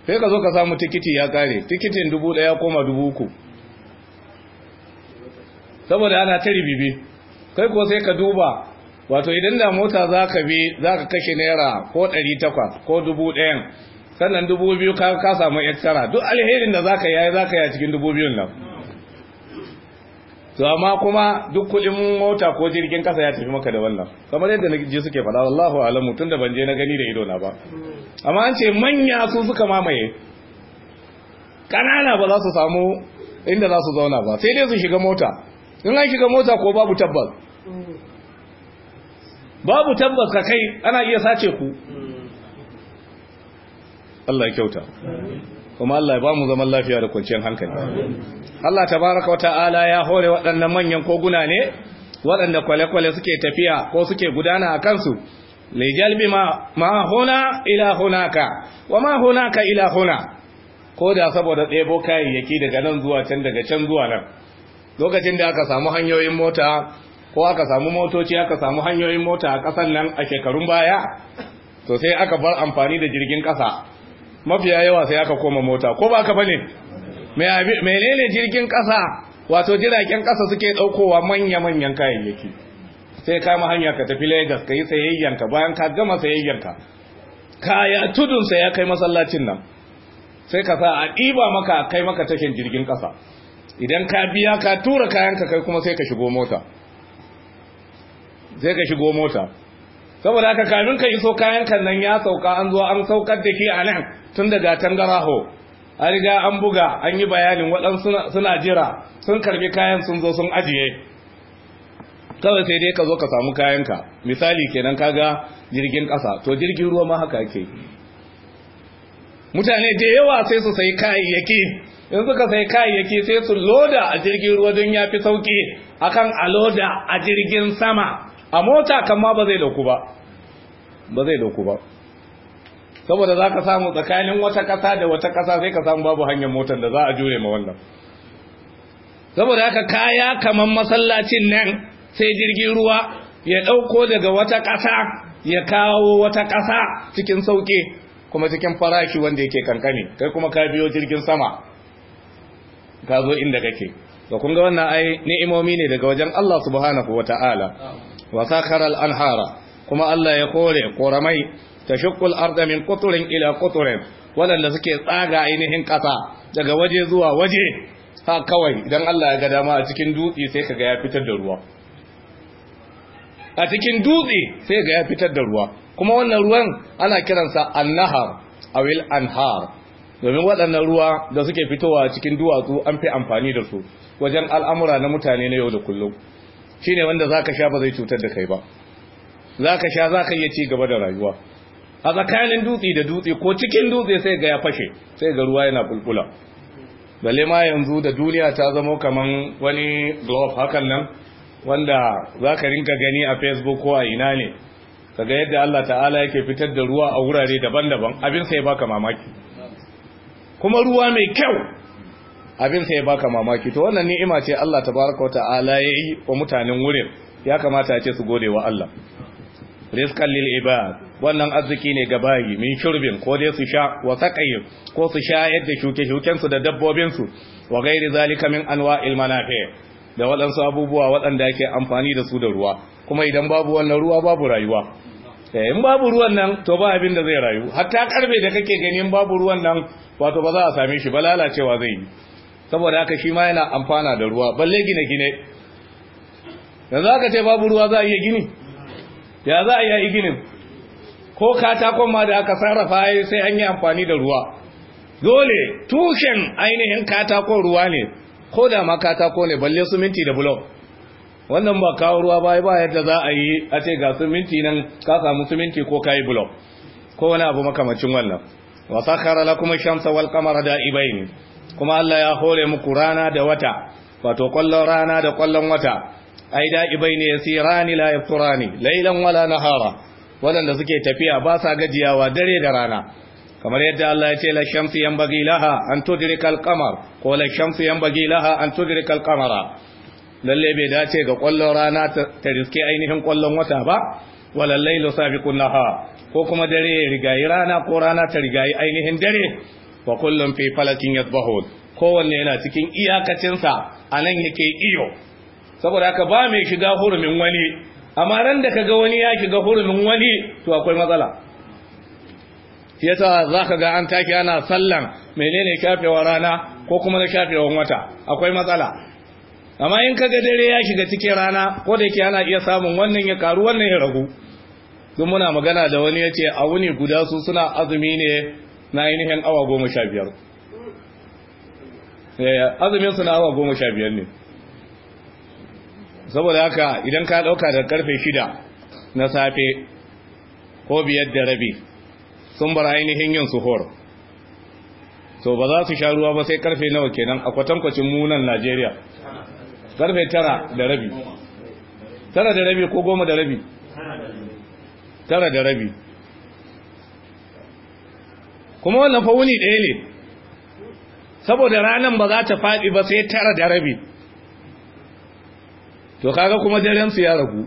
sai ka zo ka samu tikiti ya kare tikitin dubu daya koma dubu uku saboda ana ta ribibi kai ko sai ka duba wato idan da mota za ka bi za ka kashe naira ko ɗari takwas ko dubu ɗayan sannan dubu biyu ka samu extra duk alherin da za ka yi za ka yi a cikin dubu biyun nan to amma kuma duk kuɗin mota ko jirgin kasa ya tafi maka da wannan kamar yadda na ji suke faɗa wallahu alamu tunda ban je na gani da ido na ba amma an ce manya su suka mamaye ƙanana ba za su samu inda za su zauna ba sai dai su shiga mota in an shiga mota ko babu tabbas babu tabbas ka kai ana iya sace ku mm. Allah ya kyauta kuma Allah ya ba mu zaman lafiya da kwanciyar hankali Allah tabaraka wa ta'ala ya hore waɗannan manyan koguna ne waɗanda kwale-kwale suke tafiya ko suke gudana a kansu lijalbi ma ma huna ila hunaka wa ma hunaka ila huna ko da saboda ɗebo kayayyaki daga nan zuwa can daga can zuwa nan lokacin da aka samu hanyoyin mota ko aka samu motoci aka samu hanyoyin mota a ƙasan nan a shekarun baya to sai aka bar amfani da jirgin ƙasa mafiya yawa sai aka koma mota ko ba ka bane menene jirgin kasa wato jiragen kasa suke daukowa manya manyan kayayyaki sai kama hanya ka tafi Lagos ka yi sayayyanka bayan ka gama ka kaya sai ya kai masallacin nan sai ka sa a ɗiba maka kai maka taken jirgin kasa idan ka biya ka tura kayanka kai kuma sai ka shigo mota sai ka shigo mota saboda aka kamin ka iso kayan kan nan ya sauka an zo an saukar da ke a nan tun daga tangaraho an riga an buga an yi bayanin waɗansu suna jira sun karbi kayan sun zo sun ajiye kawai sai dai ka zo ka samu kayanka misali kenan kaga jirgin ƙasa to jirgin ruwa ma haka ke mutane da yawa sai su sayi kayayyaki in suka sayi kayayyaki sai su loda a jirgin ruwa don ya fi sauki akan a loda a jirgin sama a mota kan ma ba zai dauku ba ba zai dauku ba saboda za ka samu tsakanin wata ƙasa da wata ƙasa sai ka samu babu hanyar motar da za a jure ma wannan saboda haka kaya kamar masallacin nan sai jirgin ruwa ya ɗauko daga wata ƙasa ya kawo wata ƙasa cikin sauƙi kuma cikin farashi wanda yake kankani kai kuma ka biyo jirgin sama ka zo inda kake ga kun ga wannan ai ni'imomi ne daga wajen Allah subhanahu wata'ala wa sakhara al-anhara kuma Allah ya kore koramai shukul arda min quturin ila quturin wadanda suke tsaga ainihin kasa daga waje zuwa waje ha kawai idan Allah ya ga dama a cikin dutse sai kaga ya fitar da ruwa a cikin dutse sai ga ya fitar da ruwa kuma wannan ruwan ana kiransa annahar awil anhar domin waɗannan ruwa da suke fitowa cikin duwatsu an fi amfani da su wajen al'amura na mutane na yau da kullum Shi ne wanda za ka sha ba zai cutar da kai ba Za ka sha zaka iya ci gaba da rayuwa a tsakanin dutse da dutse ko cikin dutse sai ga ya fashe sai ga ruwa yana bulbula balle ma yanzu da duniya ta zama kaman wani glove hakan nan wanda za ka rinka gani a facebook ko a ina ne kaga yadda Allah ta'ala yake fitar da ruwa a wurare daban-daban abin sai baka mamaki kuma ruwa mai kyau abin sai ya baka mamaki to wannan ni'ima ce Allah tabaraka wa ta'ala yi wa mutanen wurin ya kamata ya ce su gode wa Allah Riskan lil ibad wannan arziki ne ga bayi min shurbin ko dai su sha wa saqayin ko su sha yadda shuke shuken su da dabbobin su wa ghairi zalika min anwa'il manafi da wadansu abubuwa wadanda yake amfani da su da ruwa kuma idan babu wannan ruwa babu rayuwa eh, in babu ruwan nan to ba abin da zai rayu hatta karbe da kake ganin babu ruwan nan wato ba za a same shi ba lalacewa zai yi saboda haka shi ma yana amfana da ruwa balle gine-gine yanzu aka ce babu ruwa za a iya gini ya za a iya yi ginin ko katakon ma da aka sarrafa sai an yi amfani da ruwa dole tushen ainihin katakon ruwa ne ko da ma katako ne balle su minti da bulon wannan ba kawo ruwa ba ba yadda za a yi a ce ga su minti nan ka samu su minti ko kayi bulon ko wani abu makamacin wannan wa sakhara lakum ash-shamsa wal qamara da'ibain kuma Allah ya hore muku rana da wata wato kwallon rana da kwallon wata ai bai ne yasirani la yafturani laylan wala nahara wadanda suke tafiya ba sa gajiyawa dare da rana kamar yadda Allah ya ce la shamsu yanbaghi laha an tudrika al-qamar ko la shamsu yanbaghi laha an tudrika al-qamara lalle bai dace ga kwallon rana ta riske ainihin kwallon wata ba wala laylu sabiqun nahar ko kuma dare ya rigayi rana ko rana ta rigayi ainihin dare wa kullum fi falakin yasbahun kowanne yana cikin iyakacinsa a nan yake iyo saboda haka ba mai shiga hurumin wani amma ran da kaga wani ya shiga hurumin wani to akwai matsala yasa za ka ga an take ana sallan menene shafewa rana ko kuma na shafewan wata akwai matsala amma in kaga dare ya shiga cikin rana ko da yake ana iya samun wannan ya karu wannan ya ragu duk muna magana da wani ya ce a wuni guda su suna azumi ne na ainihin awa goma sha biyar eh, azuminsu na awa goma sha biyar ne saboda haka idan ka ɗauka da karfe shida na safe ko biyar da rabi sun bar ainihin yin suhor so ba za su sha ruwa ba sai karfe nawa kenan a kwatankwacin munan najeriya karfe tara da rabi tara da rabi ko goma da rabi tara da rabi kuma wannan fa wuni ɗaya ne saboda ranar ba za ta faɗi ba sai tara da rabi to kaga kuma daren su ya ragu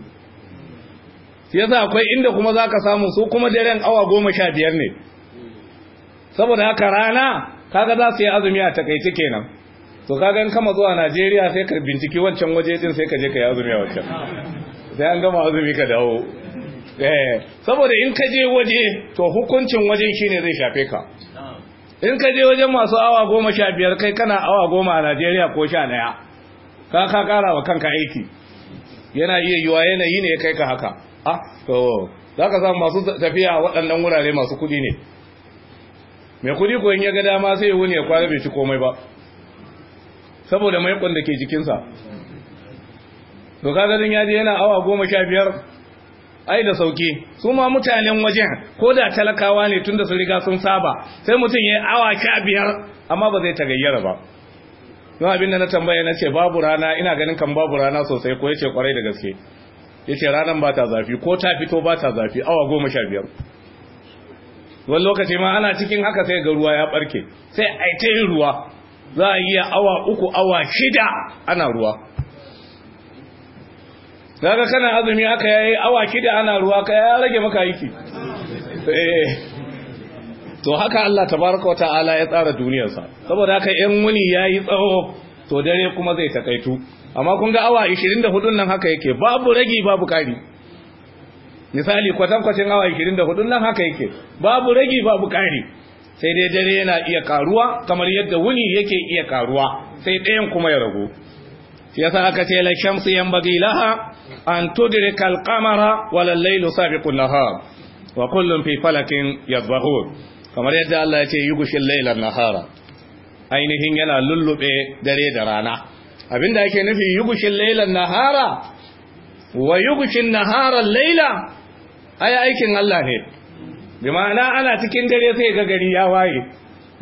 sai yasa akwai inda kuma zaka samu su kuma daren awa goma sha biyar ne saboda haka rana kaga za su yi azumi a takaice kenan to kaga in kama zuwa Najeriya sai ka binciki wancan waje din sai ka je ka yi azumi a wancan sai an gama azumi ka dawo Eh, saboda in ka je waje to hukuncin wajen shine zai shafe ka in ka je wajen masu awa goma sha biyar kai kana awa goma a najeriya ko sha daya ka ka kara wa kanka aiki yana iya yiwa yanayi ne kai ka haka a ah, to za ka samu masu tafiya a waɗannan wurare masu kuɗi ne mai kuɗi ko in ya ga dama sai wuni ya kwana bai ci komai ba saboda maikon da ke jikinsa to ka ganin ya je yana awa goma sha biyar ai da sauki su ma mutanen wajen ko da talakawa ne tunda su riga sun saba sai mutum ya yi awa sha biyar amma ba zai tagayyara ba don abin da na tambaya na ce babu rana ina ganin kan babu rana sosai ko yace kwarai da gaske yace ranan ba ta zafi ko ta fito ba ta zafi awa goma sha biyar wani lokaci ma ana cikin haka sai ga ruwa ya barke sai ai ta yin ruwa za a iya awa uku awa shida ana ruwa kaga kana azumi aka yayi awa kida ana ruwa ka ya rage maka aiki eh. to haka Allah tabaraka ta'ala ya tsara duniyarsa saboda haka in wuni yayi tsawo to dare kuma zai takaitu amma kun ga awa 24 nan haka yake babu ragi babu kari misali kwatan-kwatan awa 24 nan haka yake babu ragi babu kari sai dai dare yana iya karuwa kamar yadda wuni yake iya karuwa sai ɗayan kuma ya ragu yasa aka ce la shamsu bagi. laha an tudiri al-qamara wal laylu sabiqul wa kullum fi falakin yadhhurun kamar yadda Allah ya ce yughshil layla nahara ainihin yana lullube dare da rana abinda ake nufi yughshil layla nahara wa yughshin nahara layla ai aikin Allah ne bi ma'ana ana cikin dare sai ga gari ya waye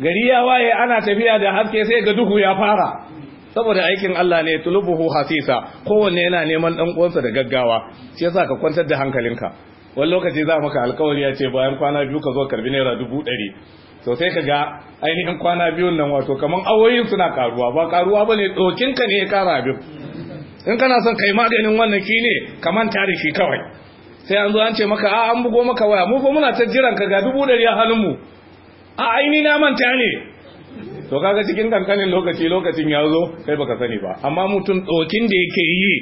gari ya waye ana tafiya da haske sai ga duhu ya fara saboda aikin Allah ne tulubuhu hasisa kowanne yana neman dan uwansa da gaggawa shi yasa ka kwantar da hankalinka wani lokaci za maka alkawari ya ce bayan kwana biyu ka zo karbi naira dubu ɗari to sai ka ga ainihin kwana biyun nan wato kaman awoyin suna karuwa ba karuwa ba ne ɗokinka ne ya kara abin in kana son kai maganin wannan shi ne ka manta da shi kawai sai an zo an ce maka a an bugo maka waya mu fa muna ta jiran ka ga dubu ɗari a mu. a aini na manta ne to kaga cikin kankanin lokaci lokacin ya zo kai baka sani ba amma mutum tsokin da yake yi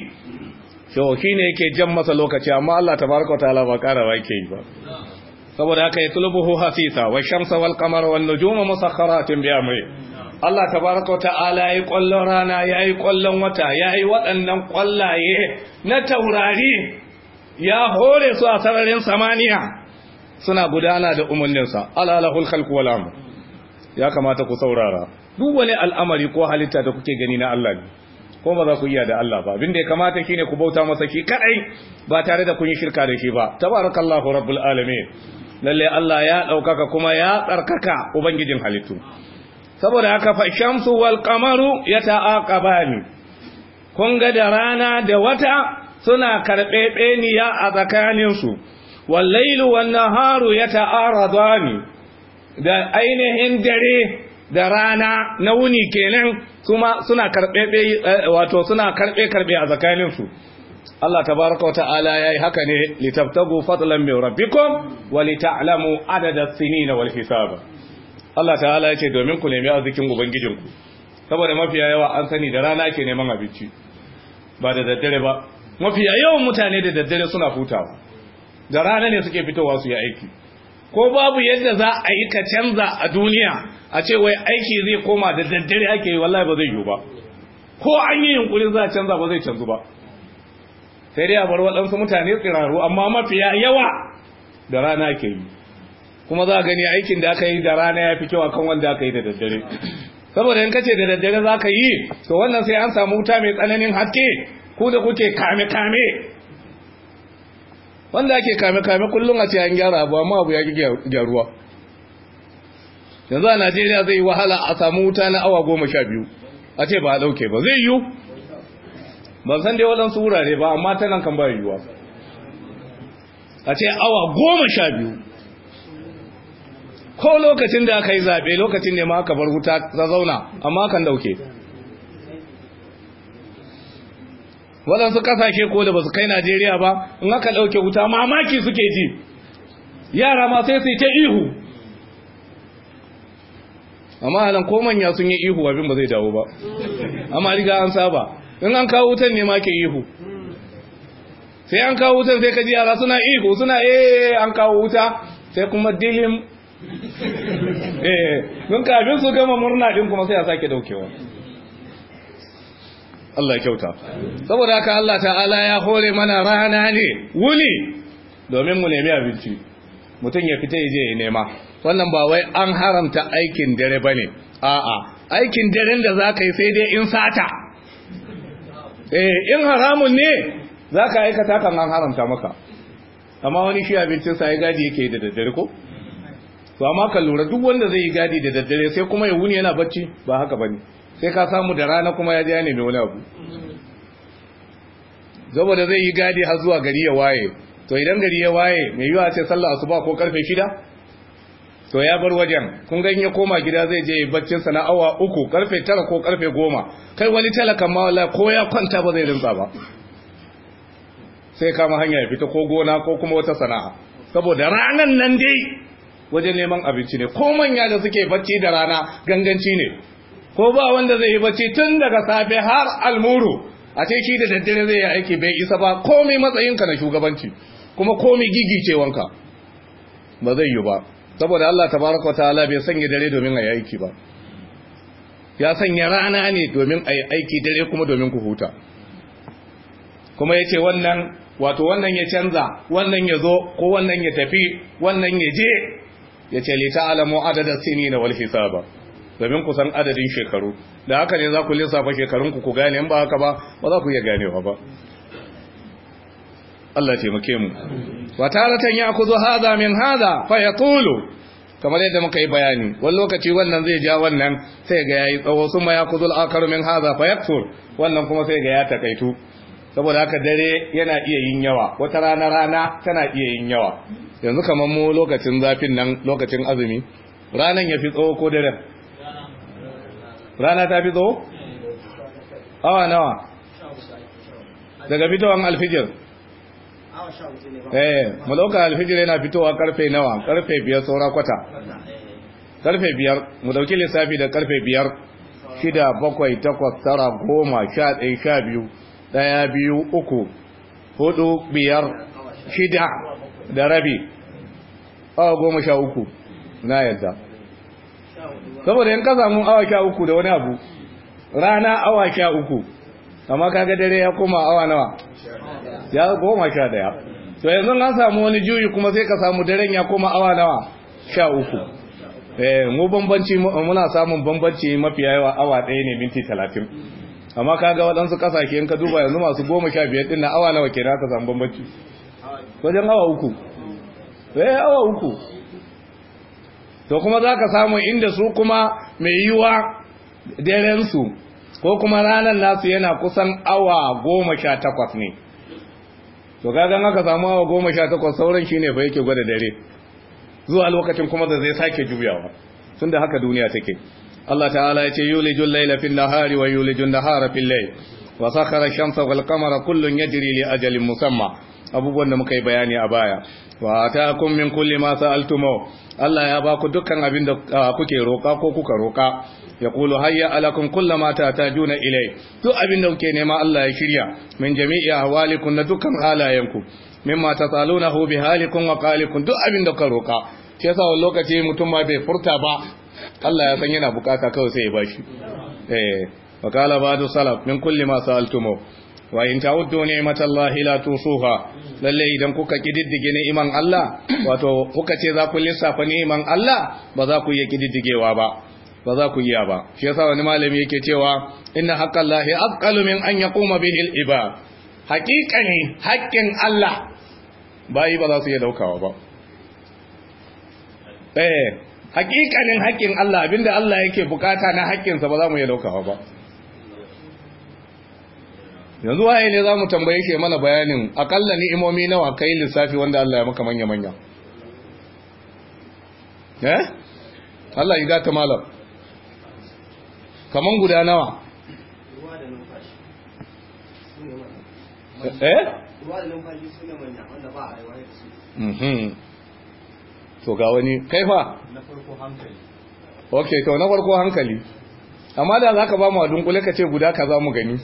tsoki ne yake jan masa lokaci amma Allah tabaraka wa ta'ala ba kara ba yake yi ba saboda haka ya tulubuhu hasisa wa shamsa wal qamar wan nujuma musakhkharatin bi amri Allah tabaraka ta'ala yayi kwallon rana yayi kwallon wata yayi waɗannan kwallaye na taurari ya hore su a sararin samaniya suna gudana da umarninsa alalahul khalqu wal amr ya kamata ku saurara duk wani al'amari ko halitta da kuke gani na Allah ko ba za ku iya da Allah ba abin ya kamata shine ku bauta masa ki kadai ba tare da kun yi shirka da shi ba tabarakallahu rabbul alamin lalle Allah ya daukaka kuma ya tsarkaka ubangijin halittu saboda haka fa shamsu wal qamaru yata'aqabani kun ga da rana da wata suna karbebeniya a tsakaninsu wal lailu wan naharu yata'aradani da ainihin dare da rana na wuni kenan kuma suna karbe eh, wato suna karbe karbe a zakalin su Allah tabaraka wata'ala yayi haka ne litabtagu fadlan min rabbikum walita'lamu adada as-sinina wal hisaba Allah ta'ala yace domin ku nemi arzikin ku. saboda mafiya yawa an sani da rana ke neman abinci ba da daddare ba mafiya yawan mutane da daddare suna hutawa da rana ne suke fitowa su yi aiki ko babu yadda za a yi ka canza a duniya a ce wai aiki zai koma da daddare ake yi wallahi ba zai yiwu ba ko an yi yunkurin za a canza ba zai canzu ba sai dai a bar waɗansu mutane tsiraru amma mafiya yawa da rana ke yi kuma za a gani aikin da aka yi da rana ya fi kyau akan wanda aka yi da daddare saboda in kace da daddare za ka yi to wannan sai an samu wuta mai tsananin haske ku da kuke kame kame wanda ake kame-kame kullum a ce an gyara abu amma abu ya ki gyaruwa yanzu a najeriya zai yi wahala a samu wuta na awa goma sha biyu a ce ba a ɗauke ba zai yiwu ban san dai waɗansu wurare ba amma ta nan kan ba yiwuwa a ce awa goma sha biyu ko lokacin da aka yi zaɓe lokacin ne ma aka bar wuta za zauna amma kan ɗauke waɗansu ƙasashe ko da ba su kai najeriya ba in aka ɗauke wuta mamaki suke ji yara ma sai su yi ta ihu amma halin ko manya sun yi ihu abin ba zai dawo ba amma riga an saba in an kawo wutan ne ma ke ihu sai an kawo wutan sai ka ji yara suna ihu suna eh an kawo wuta sai kuma dilim eh don kafin su gama murna din kuma sai a sake daukewa Allah ya kyauta saboda haka Allah ta'ala ya hore mana rana ne wuni domin mu nemi abinci mutum ya fita ya je ya nema wannan ba wai an haramta aikin dare bane a'a aikin daren da zaka yi sai dai in sata eh in haramun ne zaka aikata kan an haramta maka amma wani shi abincin sa ya gadi yake da daddare ko to amma ka lura duk wanda zai yi gadi da daddare sai kuma ya wuni yana bacci ba haka bane sai ka samu da rana kuma ya ja ne mai wani abu da zai yi gadi har zuwa gari ya waye to idan gari ya waye mai yiwa ce sallah ba ko karfe shida to ya bar wajen kun gan ya koma gida zai je baccin sana awa uku karfe tara ko karfe goma kai wani talakan ma ko ya kwanta ba zai rinsa ba sai kama hanya ya fita ko gona ko kuma wata sana'a saboda ranan nan dai wajen neman abinci ne ko manya da suke bacci da rana ganganci ne ko ba wanda zai yi bacci tun daga safe har almuru a ce shi da daddare zai yi aiki bai isa ba komai matsayinka na shugabanci kuma komai gigicewanka ba zai yi ba saboda Allah tabaraka ta'ala bai sanya dare domin a yi aiki ba ya sanya rana ne domin a yi aiki dare kuma domin ku huta kuma ya ce wannan wato wannan ya canza wannan ya zo ko wannan ya tafi wannan ya je ya ce lita alamu adadar sini na wal hisaba domin ku san adadin shekaru da haka ne za ku lissafa shekarun ku ku gane ba haka ba ba za ku iya ganewa ba Allah taimake mu wa taratan ya ya'khudhu hada min hada fa yatulu kamar yadda muka yi bayani wani lokaci wannan zai ja wannan sai ga yayi tsawo sun ma ya al-akharu min hada fa yaktur wannan kuma sai ga ya takaitu saboda haka dare yana iya yin yawa wata rana rana tana iya yin yawa yanzu kamar mu lokacin zafin nan lokacin azumi ranan ya fi tsawo ko daren rana ta fito awa nawa daga fitowan alfijir eh malauka alfijir yana fitowa karfe nawa karfe biyar saura kwata karfe biyar mu dauki lissafi da karfe biyar shida bakwai takwas tara goma sha ɗaya sha biyu ɗaya biyu uku hudu biyar shida da rabi awa goma sha uku na yadda saboda yan ka awa sha uku da wani abu rana awa sha uku amma kaga dare ya koma awa nawa ya goma sha daya to yanzu an samu wani juyi kuma sai ka samu daren ya koma awa nawa sha uku eh mu bambanci muna samun bambanci mafi yawa awa ɗaya ne minti talatin amma kaga waɗansu ƙasashe in ka duba yanzu masu goma sha biyar ɗin na awa nawa kenan ka samu bambanci wajen awa uku eh awa uku to kuma za ka samu inda su kuma mai yiwa derensu ko kuma ranar nasu yana kusan awa goma sha takwas ne to gagan aka samu awa goma sha takwas sauran shi ne fa yake gwada dare zuwa lokacin kuma da zai sake juyawa Tunda da haka duniya take Allah ta'ala ya ce yulijul laila fil nahari wa yulijun nahara fil layl wa sakhara shamsa wal qamara kullun yajri li ajalin musamma abubuwan da muka yi bayani a baya wa kun min kulli ma sa'altumu Allah ya ba ku dukkan abin da kuke roka ko kuka roka yaqulu hayya alakum kullama ta'tajuna ilai. duk abin da kuke nema Allah ya shirya min jami'i ahwalikum na dukkan halayenku mimma tasalunahu bihalikum wa qalikum duk abin da kuka roka shi yasa wani lokaci mutum ma bai furta ba Allah ya san yana bukata kawai sai ya bashi eh wa qala ba'du salaf min kulli ma sa'altumu wa in ta'uddu ni'matallahi la tusuha lalle idan kuka kididdige ni'iman Allah wato kuka ce za ku lissafa ni'iman Allah ba za ku iya kididdigewa ba ba za ku iya ba shi yasa wani malami yake cewa inna haqqallahi aqallu min an yaquma bihi al-ibad haqiqani haqqin Allah bai ba za su iya daukawa ba eh haqiqanin haqqin Allah abinda Allah yake bukata na haƙƙinsa ba za mu iya daukawa ba yanzu waye ne za mu tambaye shi mana bayanin akalla ni'imomi nawa kai lissafi wanda Allah ya maka manya-manya eh Allah ya gata malam kaman guda nawa eh to ga wani kai fa na farko hankali okay to na farko hankali amma da za ka ba mu a dunkule ka ce guda ka za mu gani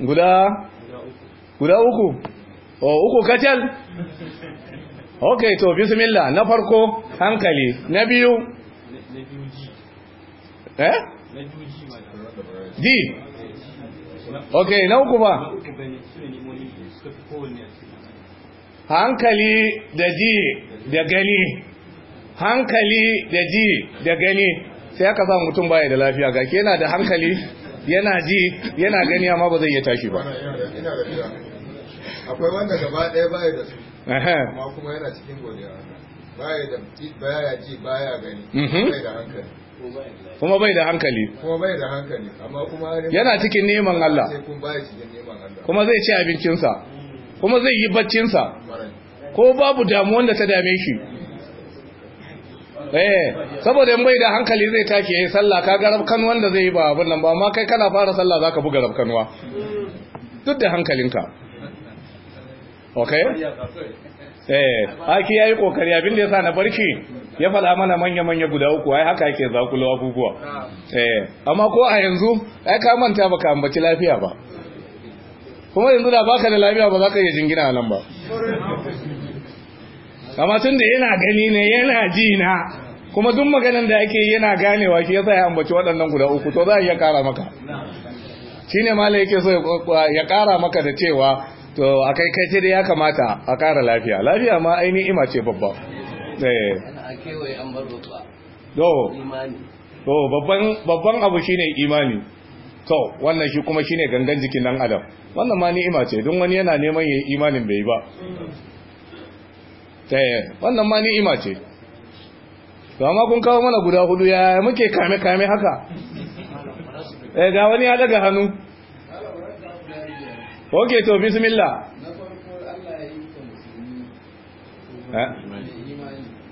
guda guda uku o oh, uku kacal ok to bismillah na farko hankali na biyu eh ji ok na uku ba hankali da ji da gani hankali da ji da gani sai aka samu mutum baya da lafiya ga ke yana da hankali yana ji yana gani amma ba zai iya tashi ba akwai wanda gaba ɗaya baya da su amma kuma yana cikin godiya baya ya ji baya gani mhm. baya da hankali kuma bai da hankali kuma bai da hankali amma kuma yana cikin neman Allah kuma zai ci abincinsa kuma zai yi baccinsa ko babu damuwan da ta dame shi eh saboda in bai da hankali zai take yayi sallah ka ga rabkan wanda zai yi ba abin nan ba amma kai kana fara sallah zaka buga kanwa duk da hankalinka okay eh aki yayi kokari abin da yasa na barki ya fada mana manya manya guda uku ai haka yake zakulo abubuwa eh amma ko a yanzu ai ka manta baka ambaci lafiya ba kuma yanzu da baka da lafiya ba za ka iya jingina nan ba kama tun da yana gani ne yana ji na kuma duk maganin da ake yana ganewa shi ke ya ambaci waɗannan guda uku to za a iya kara maka Shi ne mala yake so ya kara maka da cewa to a kai kai ce da ya kamata a kara lafiya lafiya ma ainihin ima ce babba eh to babban abu shine imani to wannan shi kuma shine gangan jikin nan adam wannan ma ni'ima ce don wani yana neman yayi imanin bai ba Eh, wannan ma ni'ima ce to amma kun kawo mana guda hudu ya muke kame kame haka eh ga wani ya daga hannu Ok to bismillah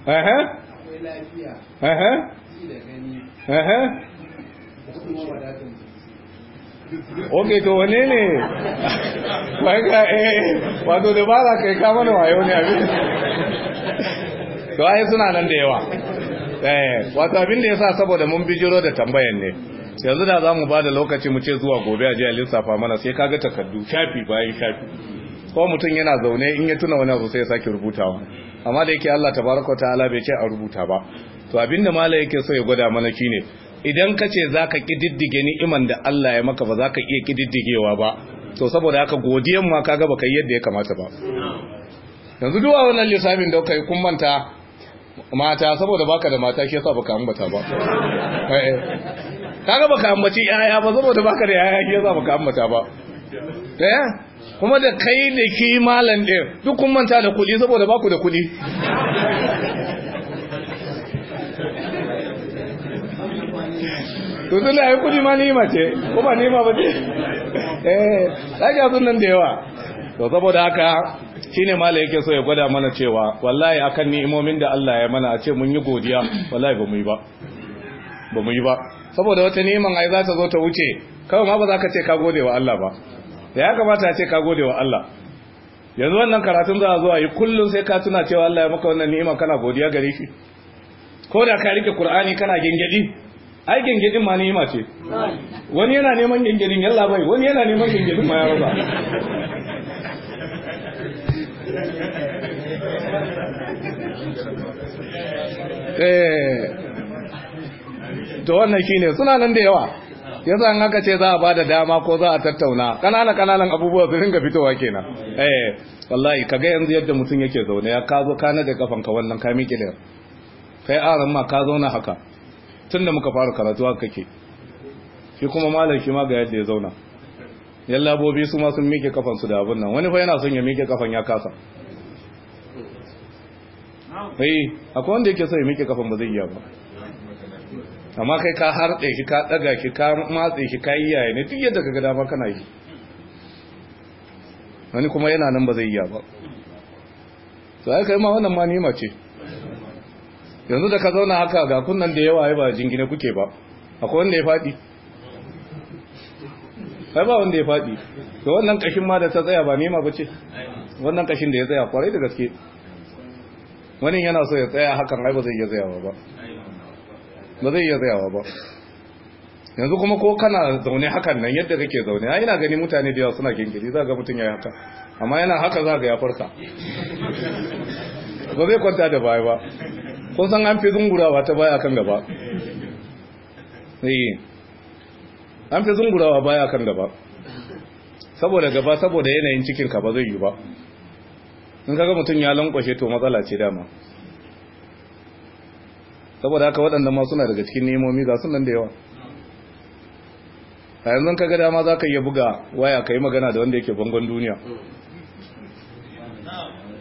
ehe ehe ehe Okay, to wane ne ka eh wato da ba za ka yi kama da wayo ne abin to ai suna nan da yawa eh wato abin da ya sa saboda mun bijiro da tambayan ne yanzu da za mu ba da lokaci mu ce zuwa gobe a jiya lissafa mana sai kaga takardu shafi bayan shafi ko mutum yana zaune in ya tuna wani abu sai ya sake rubutawa amma da yake Allah tabaraka ta'ala bai ce a rubuta ba to abinda malai yake so ya gwada mana shine idan ka ce za ka ƙididdige ni'iman da Allah ya maka ba za ka iya ƙididdigewa ba to saboda haka godiyan ma kaga ba kai yadda ya kamata ba yanzu duwa wannan lissafin da kai kun manta mata saboda baka da mata shi yasa baka bata ba kaga eh, eh. baka ambaci yaya ba saboda baka da yaya shi yasa baka bata ba eh kuma da kai da ki malam ɗin duk kun manta da kuɗi saboda baku da kuɗi to tun da ai kudi ma ni'ima ce ko ba ma ba ce eh kaga sun nan da yawa to saboda haka shine mala yake so ya gwada mana cewa wallahi akan ni'imomin da Allah ya mana a ce mun yi godiya wallahi ba mu yi ba ba mu yi ba saboda wata ni'iman ai za ta zo ta wuce kawai ma ba za ka ce ka gode wa Allah ba da ya kamata a ce ka gode wa Allah yanzu wannan karatun za a zo a yi kullum sai ka tuna cewa Allah ya maka wannan ni'ima kana godiya gare shi ko da ka rike Qur'ani kana gingedi ai gengedin ma ni'ima ce wani yana neman gengedin yalla bai wani yana neman gengedin ma ya raba eh. to wannan shine suna nan da yawa yasa an aka ce za a bada dama ko za a tattauna kanana kananan abubuwa su ringa fitowa kenan eh wallahi kaga yanzu yadda mutum yake zaune ya kazo kana da kafanka wannan ka miƙe da kai aran ma ka zauna haka tunda muka fara karatu haka kake shi kuma malam shi ma ga yadda ya zauna yan labobi su ma sun mike kafan su da abin nan wani fa yana son ya mike kafan ya kasa eh akwai wanda yake son ya mike kafan ba zai yi ba amma kai ka harɗe shi ka ɗaga shi ka matse shi ka yi yaya ne duk yadda ka gada maka kana yi wani kuma yana nan ba zai yi ba to ai yi ma wannan ma nima ce yanzu da ka zauna haka ga kunnan da yawa ya ba jingine kuke ba akwai wanda ya faɗi ai ba wanda ya faɗi to wannan kashin ma da ta tsaya ba nema ba ce wannan kashin da ya tsaya kwarai da gaske wani yana so ya tsaya hakan ai ba zai iya tsayawa ba ba zai iya tsayawa ba yanzu kuma ko kana zaune hakan nan yadda kake zaune ai ina gani mutane da yawa suna gingiri za ga mutum ya haka amma yana haka za ga ya farka ba zai kwanta da baya ba kun san an fi zungurawa ta baya kan gaba eh. an fi zungurawa baya kan gaba saboda gaba saboda yanayin cikin ka ba zai yi ba in kaga mutum ya lankwashe to matsala ce dama saboda haka waɗanda ma suna daga cikin nemomi ga sunan da yawa a yanzu kaga dama za ka iya buga waya ka yi magana da wanda yake bangon duniya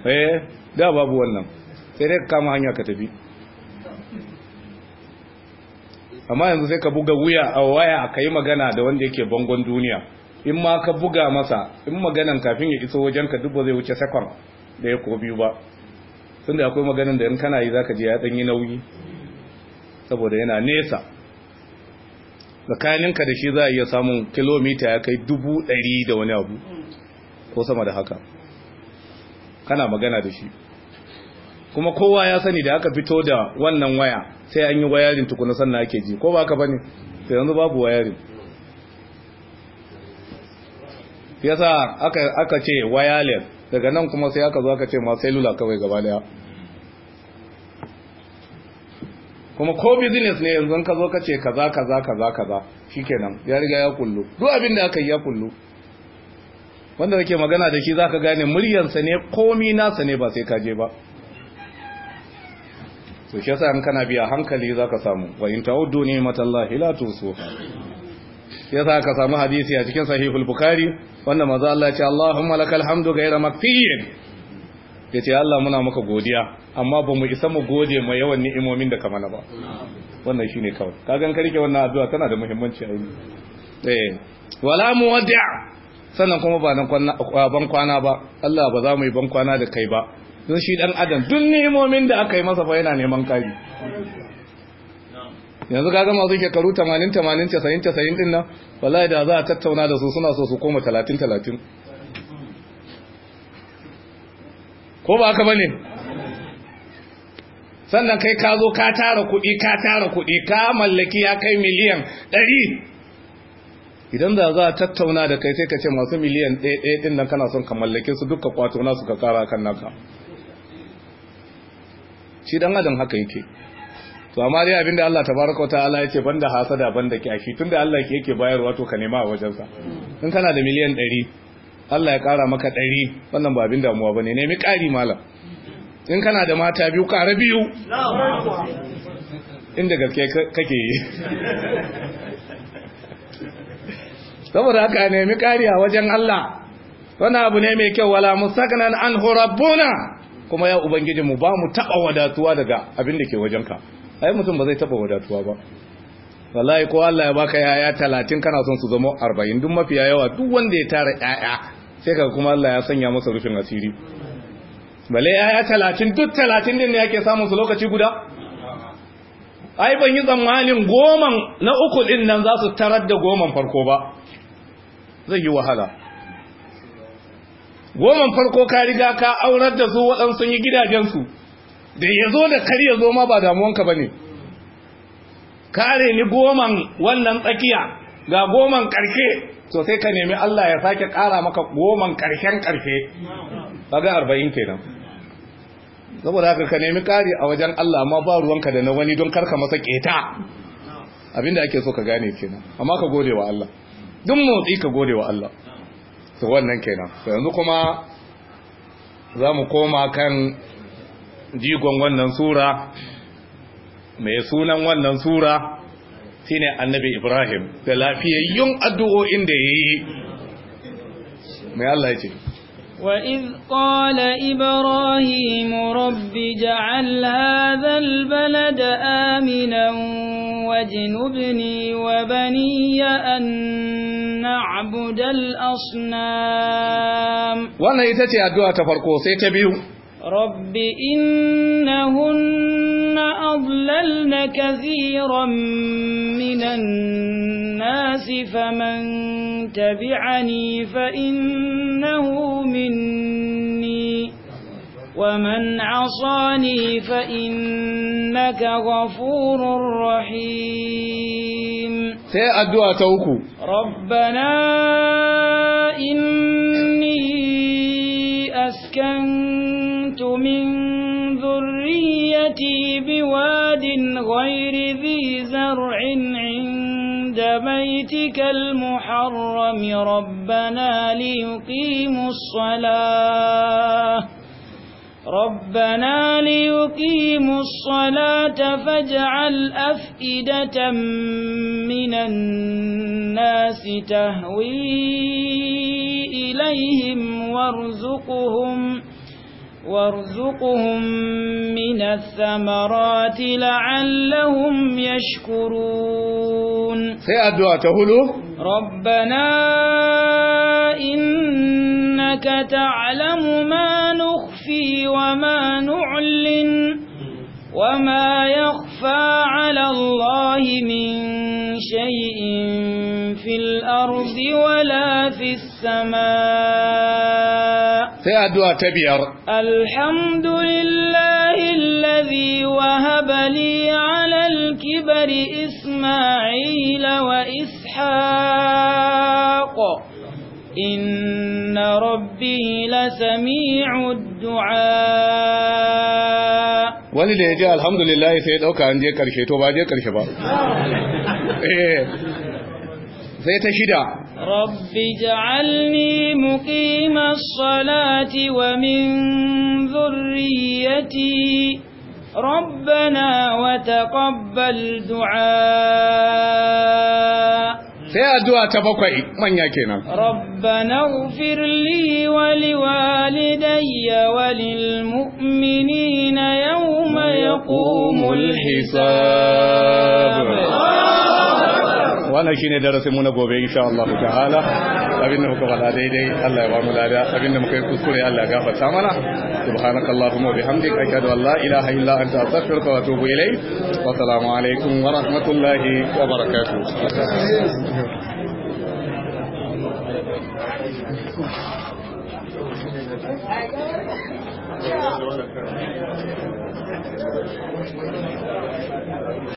eh da babu wannan sai dai ka kama hanya ka tafi amma yanzu sai ka buga wuya a waya ka yi magana da wanda yake bangon duniya in ma ka buga masa in maganan kafin ya iso wajen ka duk ba zai wuce sakon da ya ko ba sun da akwai maganin da in kana yi zaka je ya yi nauyi saboda yana nesa tsakaninka da shi za a iya samun kilomita ya kai dubu ɗari da wani abu ko sama da haka kana magana da shi kuma kowa ya sani da aka fito da wannan waya sai an yi wayarin tukuna sannan ake ji ko ba ka bane sai yanzu babu wayarin yasa aka aka ce wireless daga nan kuma sai aka zo aka ce ma cellular kawai gaba daya kuma ko business ne yanzu ka zo ka ce kaza kaza kaza kaza shikenan ya riga ya kullu duk abin da aka yi ya kullu wanda kake magana da shi zaka gane muryarsa ne komi nasa ne ba sai ka je ba to shi yasa in kana biya hankali zaka samu wa in ta'uddu ni'matallahi la tusuha yasa ka samu hadisi a cikin sahihul bukhari wanda manzo Allah ya ce Allahumma lakal hamdu ghayra makfiyin yace Allah muna maka godiya amma ba mu isa mu gode mai yawan ni'imomin da kamana ba wannan shine kawai kagan ka wannan addu'a tana da muhimmanci a yi eh wala sannan kuma ba nan ban kwana ba Allah ba za mu yi ban kwana da kai ba don shi dan adam duk ni'imomin da aka yi masa fa yana neman kari yanzu ka ga masu shekaru 80 80 90 din nan wallahi da za a tattauna da su suna so su koma 30 30 ko ba haka bane sannan kai ka zo ka tara kuɗi ka tara kuɗi ka mallaki ya kai miliyan 100 idan da za a tattauna da kai sai ka ce masu miliyan ɗaya ɗaya ɗin nan kana son ka mallake su duka kwato nasu ka kara kan naka shi dan adam haka yake to amma dai abinda Allah tabaraka ta'ala yake banda hasada banda kiyashi tunda Allah ke yake bayarwa to ka nema a wajensa in kana da miliyan 100 Allah ya kara maka 100 wannan ba abin damuwa bane nemi kari malam in kana da mata biyu kara biyu inda gaske kake yi saboda haka nemi kari a wajen Allah wannan abu ne mai kyau wala musaknan an rabbuna kuma ya mu ba mu taba wadatuwa daga abin da ke wajenka ai mutum ba zai taba wadatuwa ba wallahi ko Allah ya baka yaya talatin kana son su zama arba'in duk mafiya yawa duk wanda ya tara yaya sai ka kuma Allah ya sanya masa rufin asiri bale yaya talatin duk talatin din ne yake samun su lokaci guda ai ban yi tsammanin goman na uku din nan za su tarar da goman farko ba zai yi wahala goman farko ka riga ka aurar da su waɗansu yi gidajensu da ya zo da kar ya zo ma ba damuwanka ba ne kare ni goman wannan tsakiya ga goman ƙarfe to sai ka nemi Allah ya sake ƙara maka goman ƙarshen ƙarfe ga arba'in kenan saboda haka ka nemi ƙari a wajen Allah amma ba ruwanka da na wani don karka masa ƙeta abinda ake so ka gane kenan amma ka gode wa Allah duk motsi ka gode wa Allah to wannan kenan yanzu kuma za mu koma kan jigon wannan sura mai sunan wannan sura shine annabi ibrahim da lafiyayyun addu'o'in da ya yi mai Allah ya ce وإذ قال إبراهيم رب جعل هذا البلد آمنا واجنبني وبني أن نعبد الأصنام وانا يتتي أدوها تفرقو سيتبيو رب إنهن أضللن كثيرا من الناس فمن تبعني فإنه مني ومن عصاني فإنك غفور رحيم sai addu'a ta uku rabbana inni askantu min dhurriyyati biwadin ghairi dhi zar'in 'inda baytikal muharram rabbana liyuqimus salah ربنا ليقيموا الصلاة فاجعل أفئدة من الناس تهوي إليهم وارزقهم وارزقهم من الثمرات لعلهم يشكرون سيأدوا تهلو ربنا إنك تعلم ما نخفى نخفي وما نعلن وما يخفى على الله من شيء في الأرض ولا في السماء الحمد لله الذي وهب لي على الكبر إسماعيل وإسحاق إن إِنَّ رَبِّي لَسَمِيعُ الدُّعَاءِ وَلِذَا يَجِئُ الْحَمْدُ لِلَّهِ سَيَ دَوْكَ أَنْ جِئَ كَرْشِ تو باجِئَ كَرْشِ بَا سَيَ إيه. شِدَا رَبِّ اجْعَلْنِي مُقِيمَ الصَّلَاةِ وَمِنْ ذُرِّيَّتِي رَبَّنَا وَتَقَبَّلْ دُعَاءِ sai addu'a ta bakwai manya kenan rabbana ighfir li wa liwalidayya wa lilmu'minina yawma yaqumul hisab wannan shine darasin mu na gobe insha Allah ta'ala abinda muka faɗa daidai Allah ya ba mu lada abinda muka yi kuskure Allah ya gafarta mana subhanakallahumma wa bihamdika ashhadu an la ilaha illa anta astaghfiruka wa atubu ilayk wa assalamu alaikum wa rahmatullahi wa barakatuh Thank you.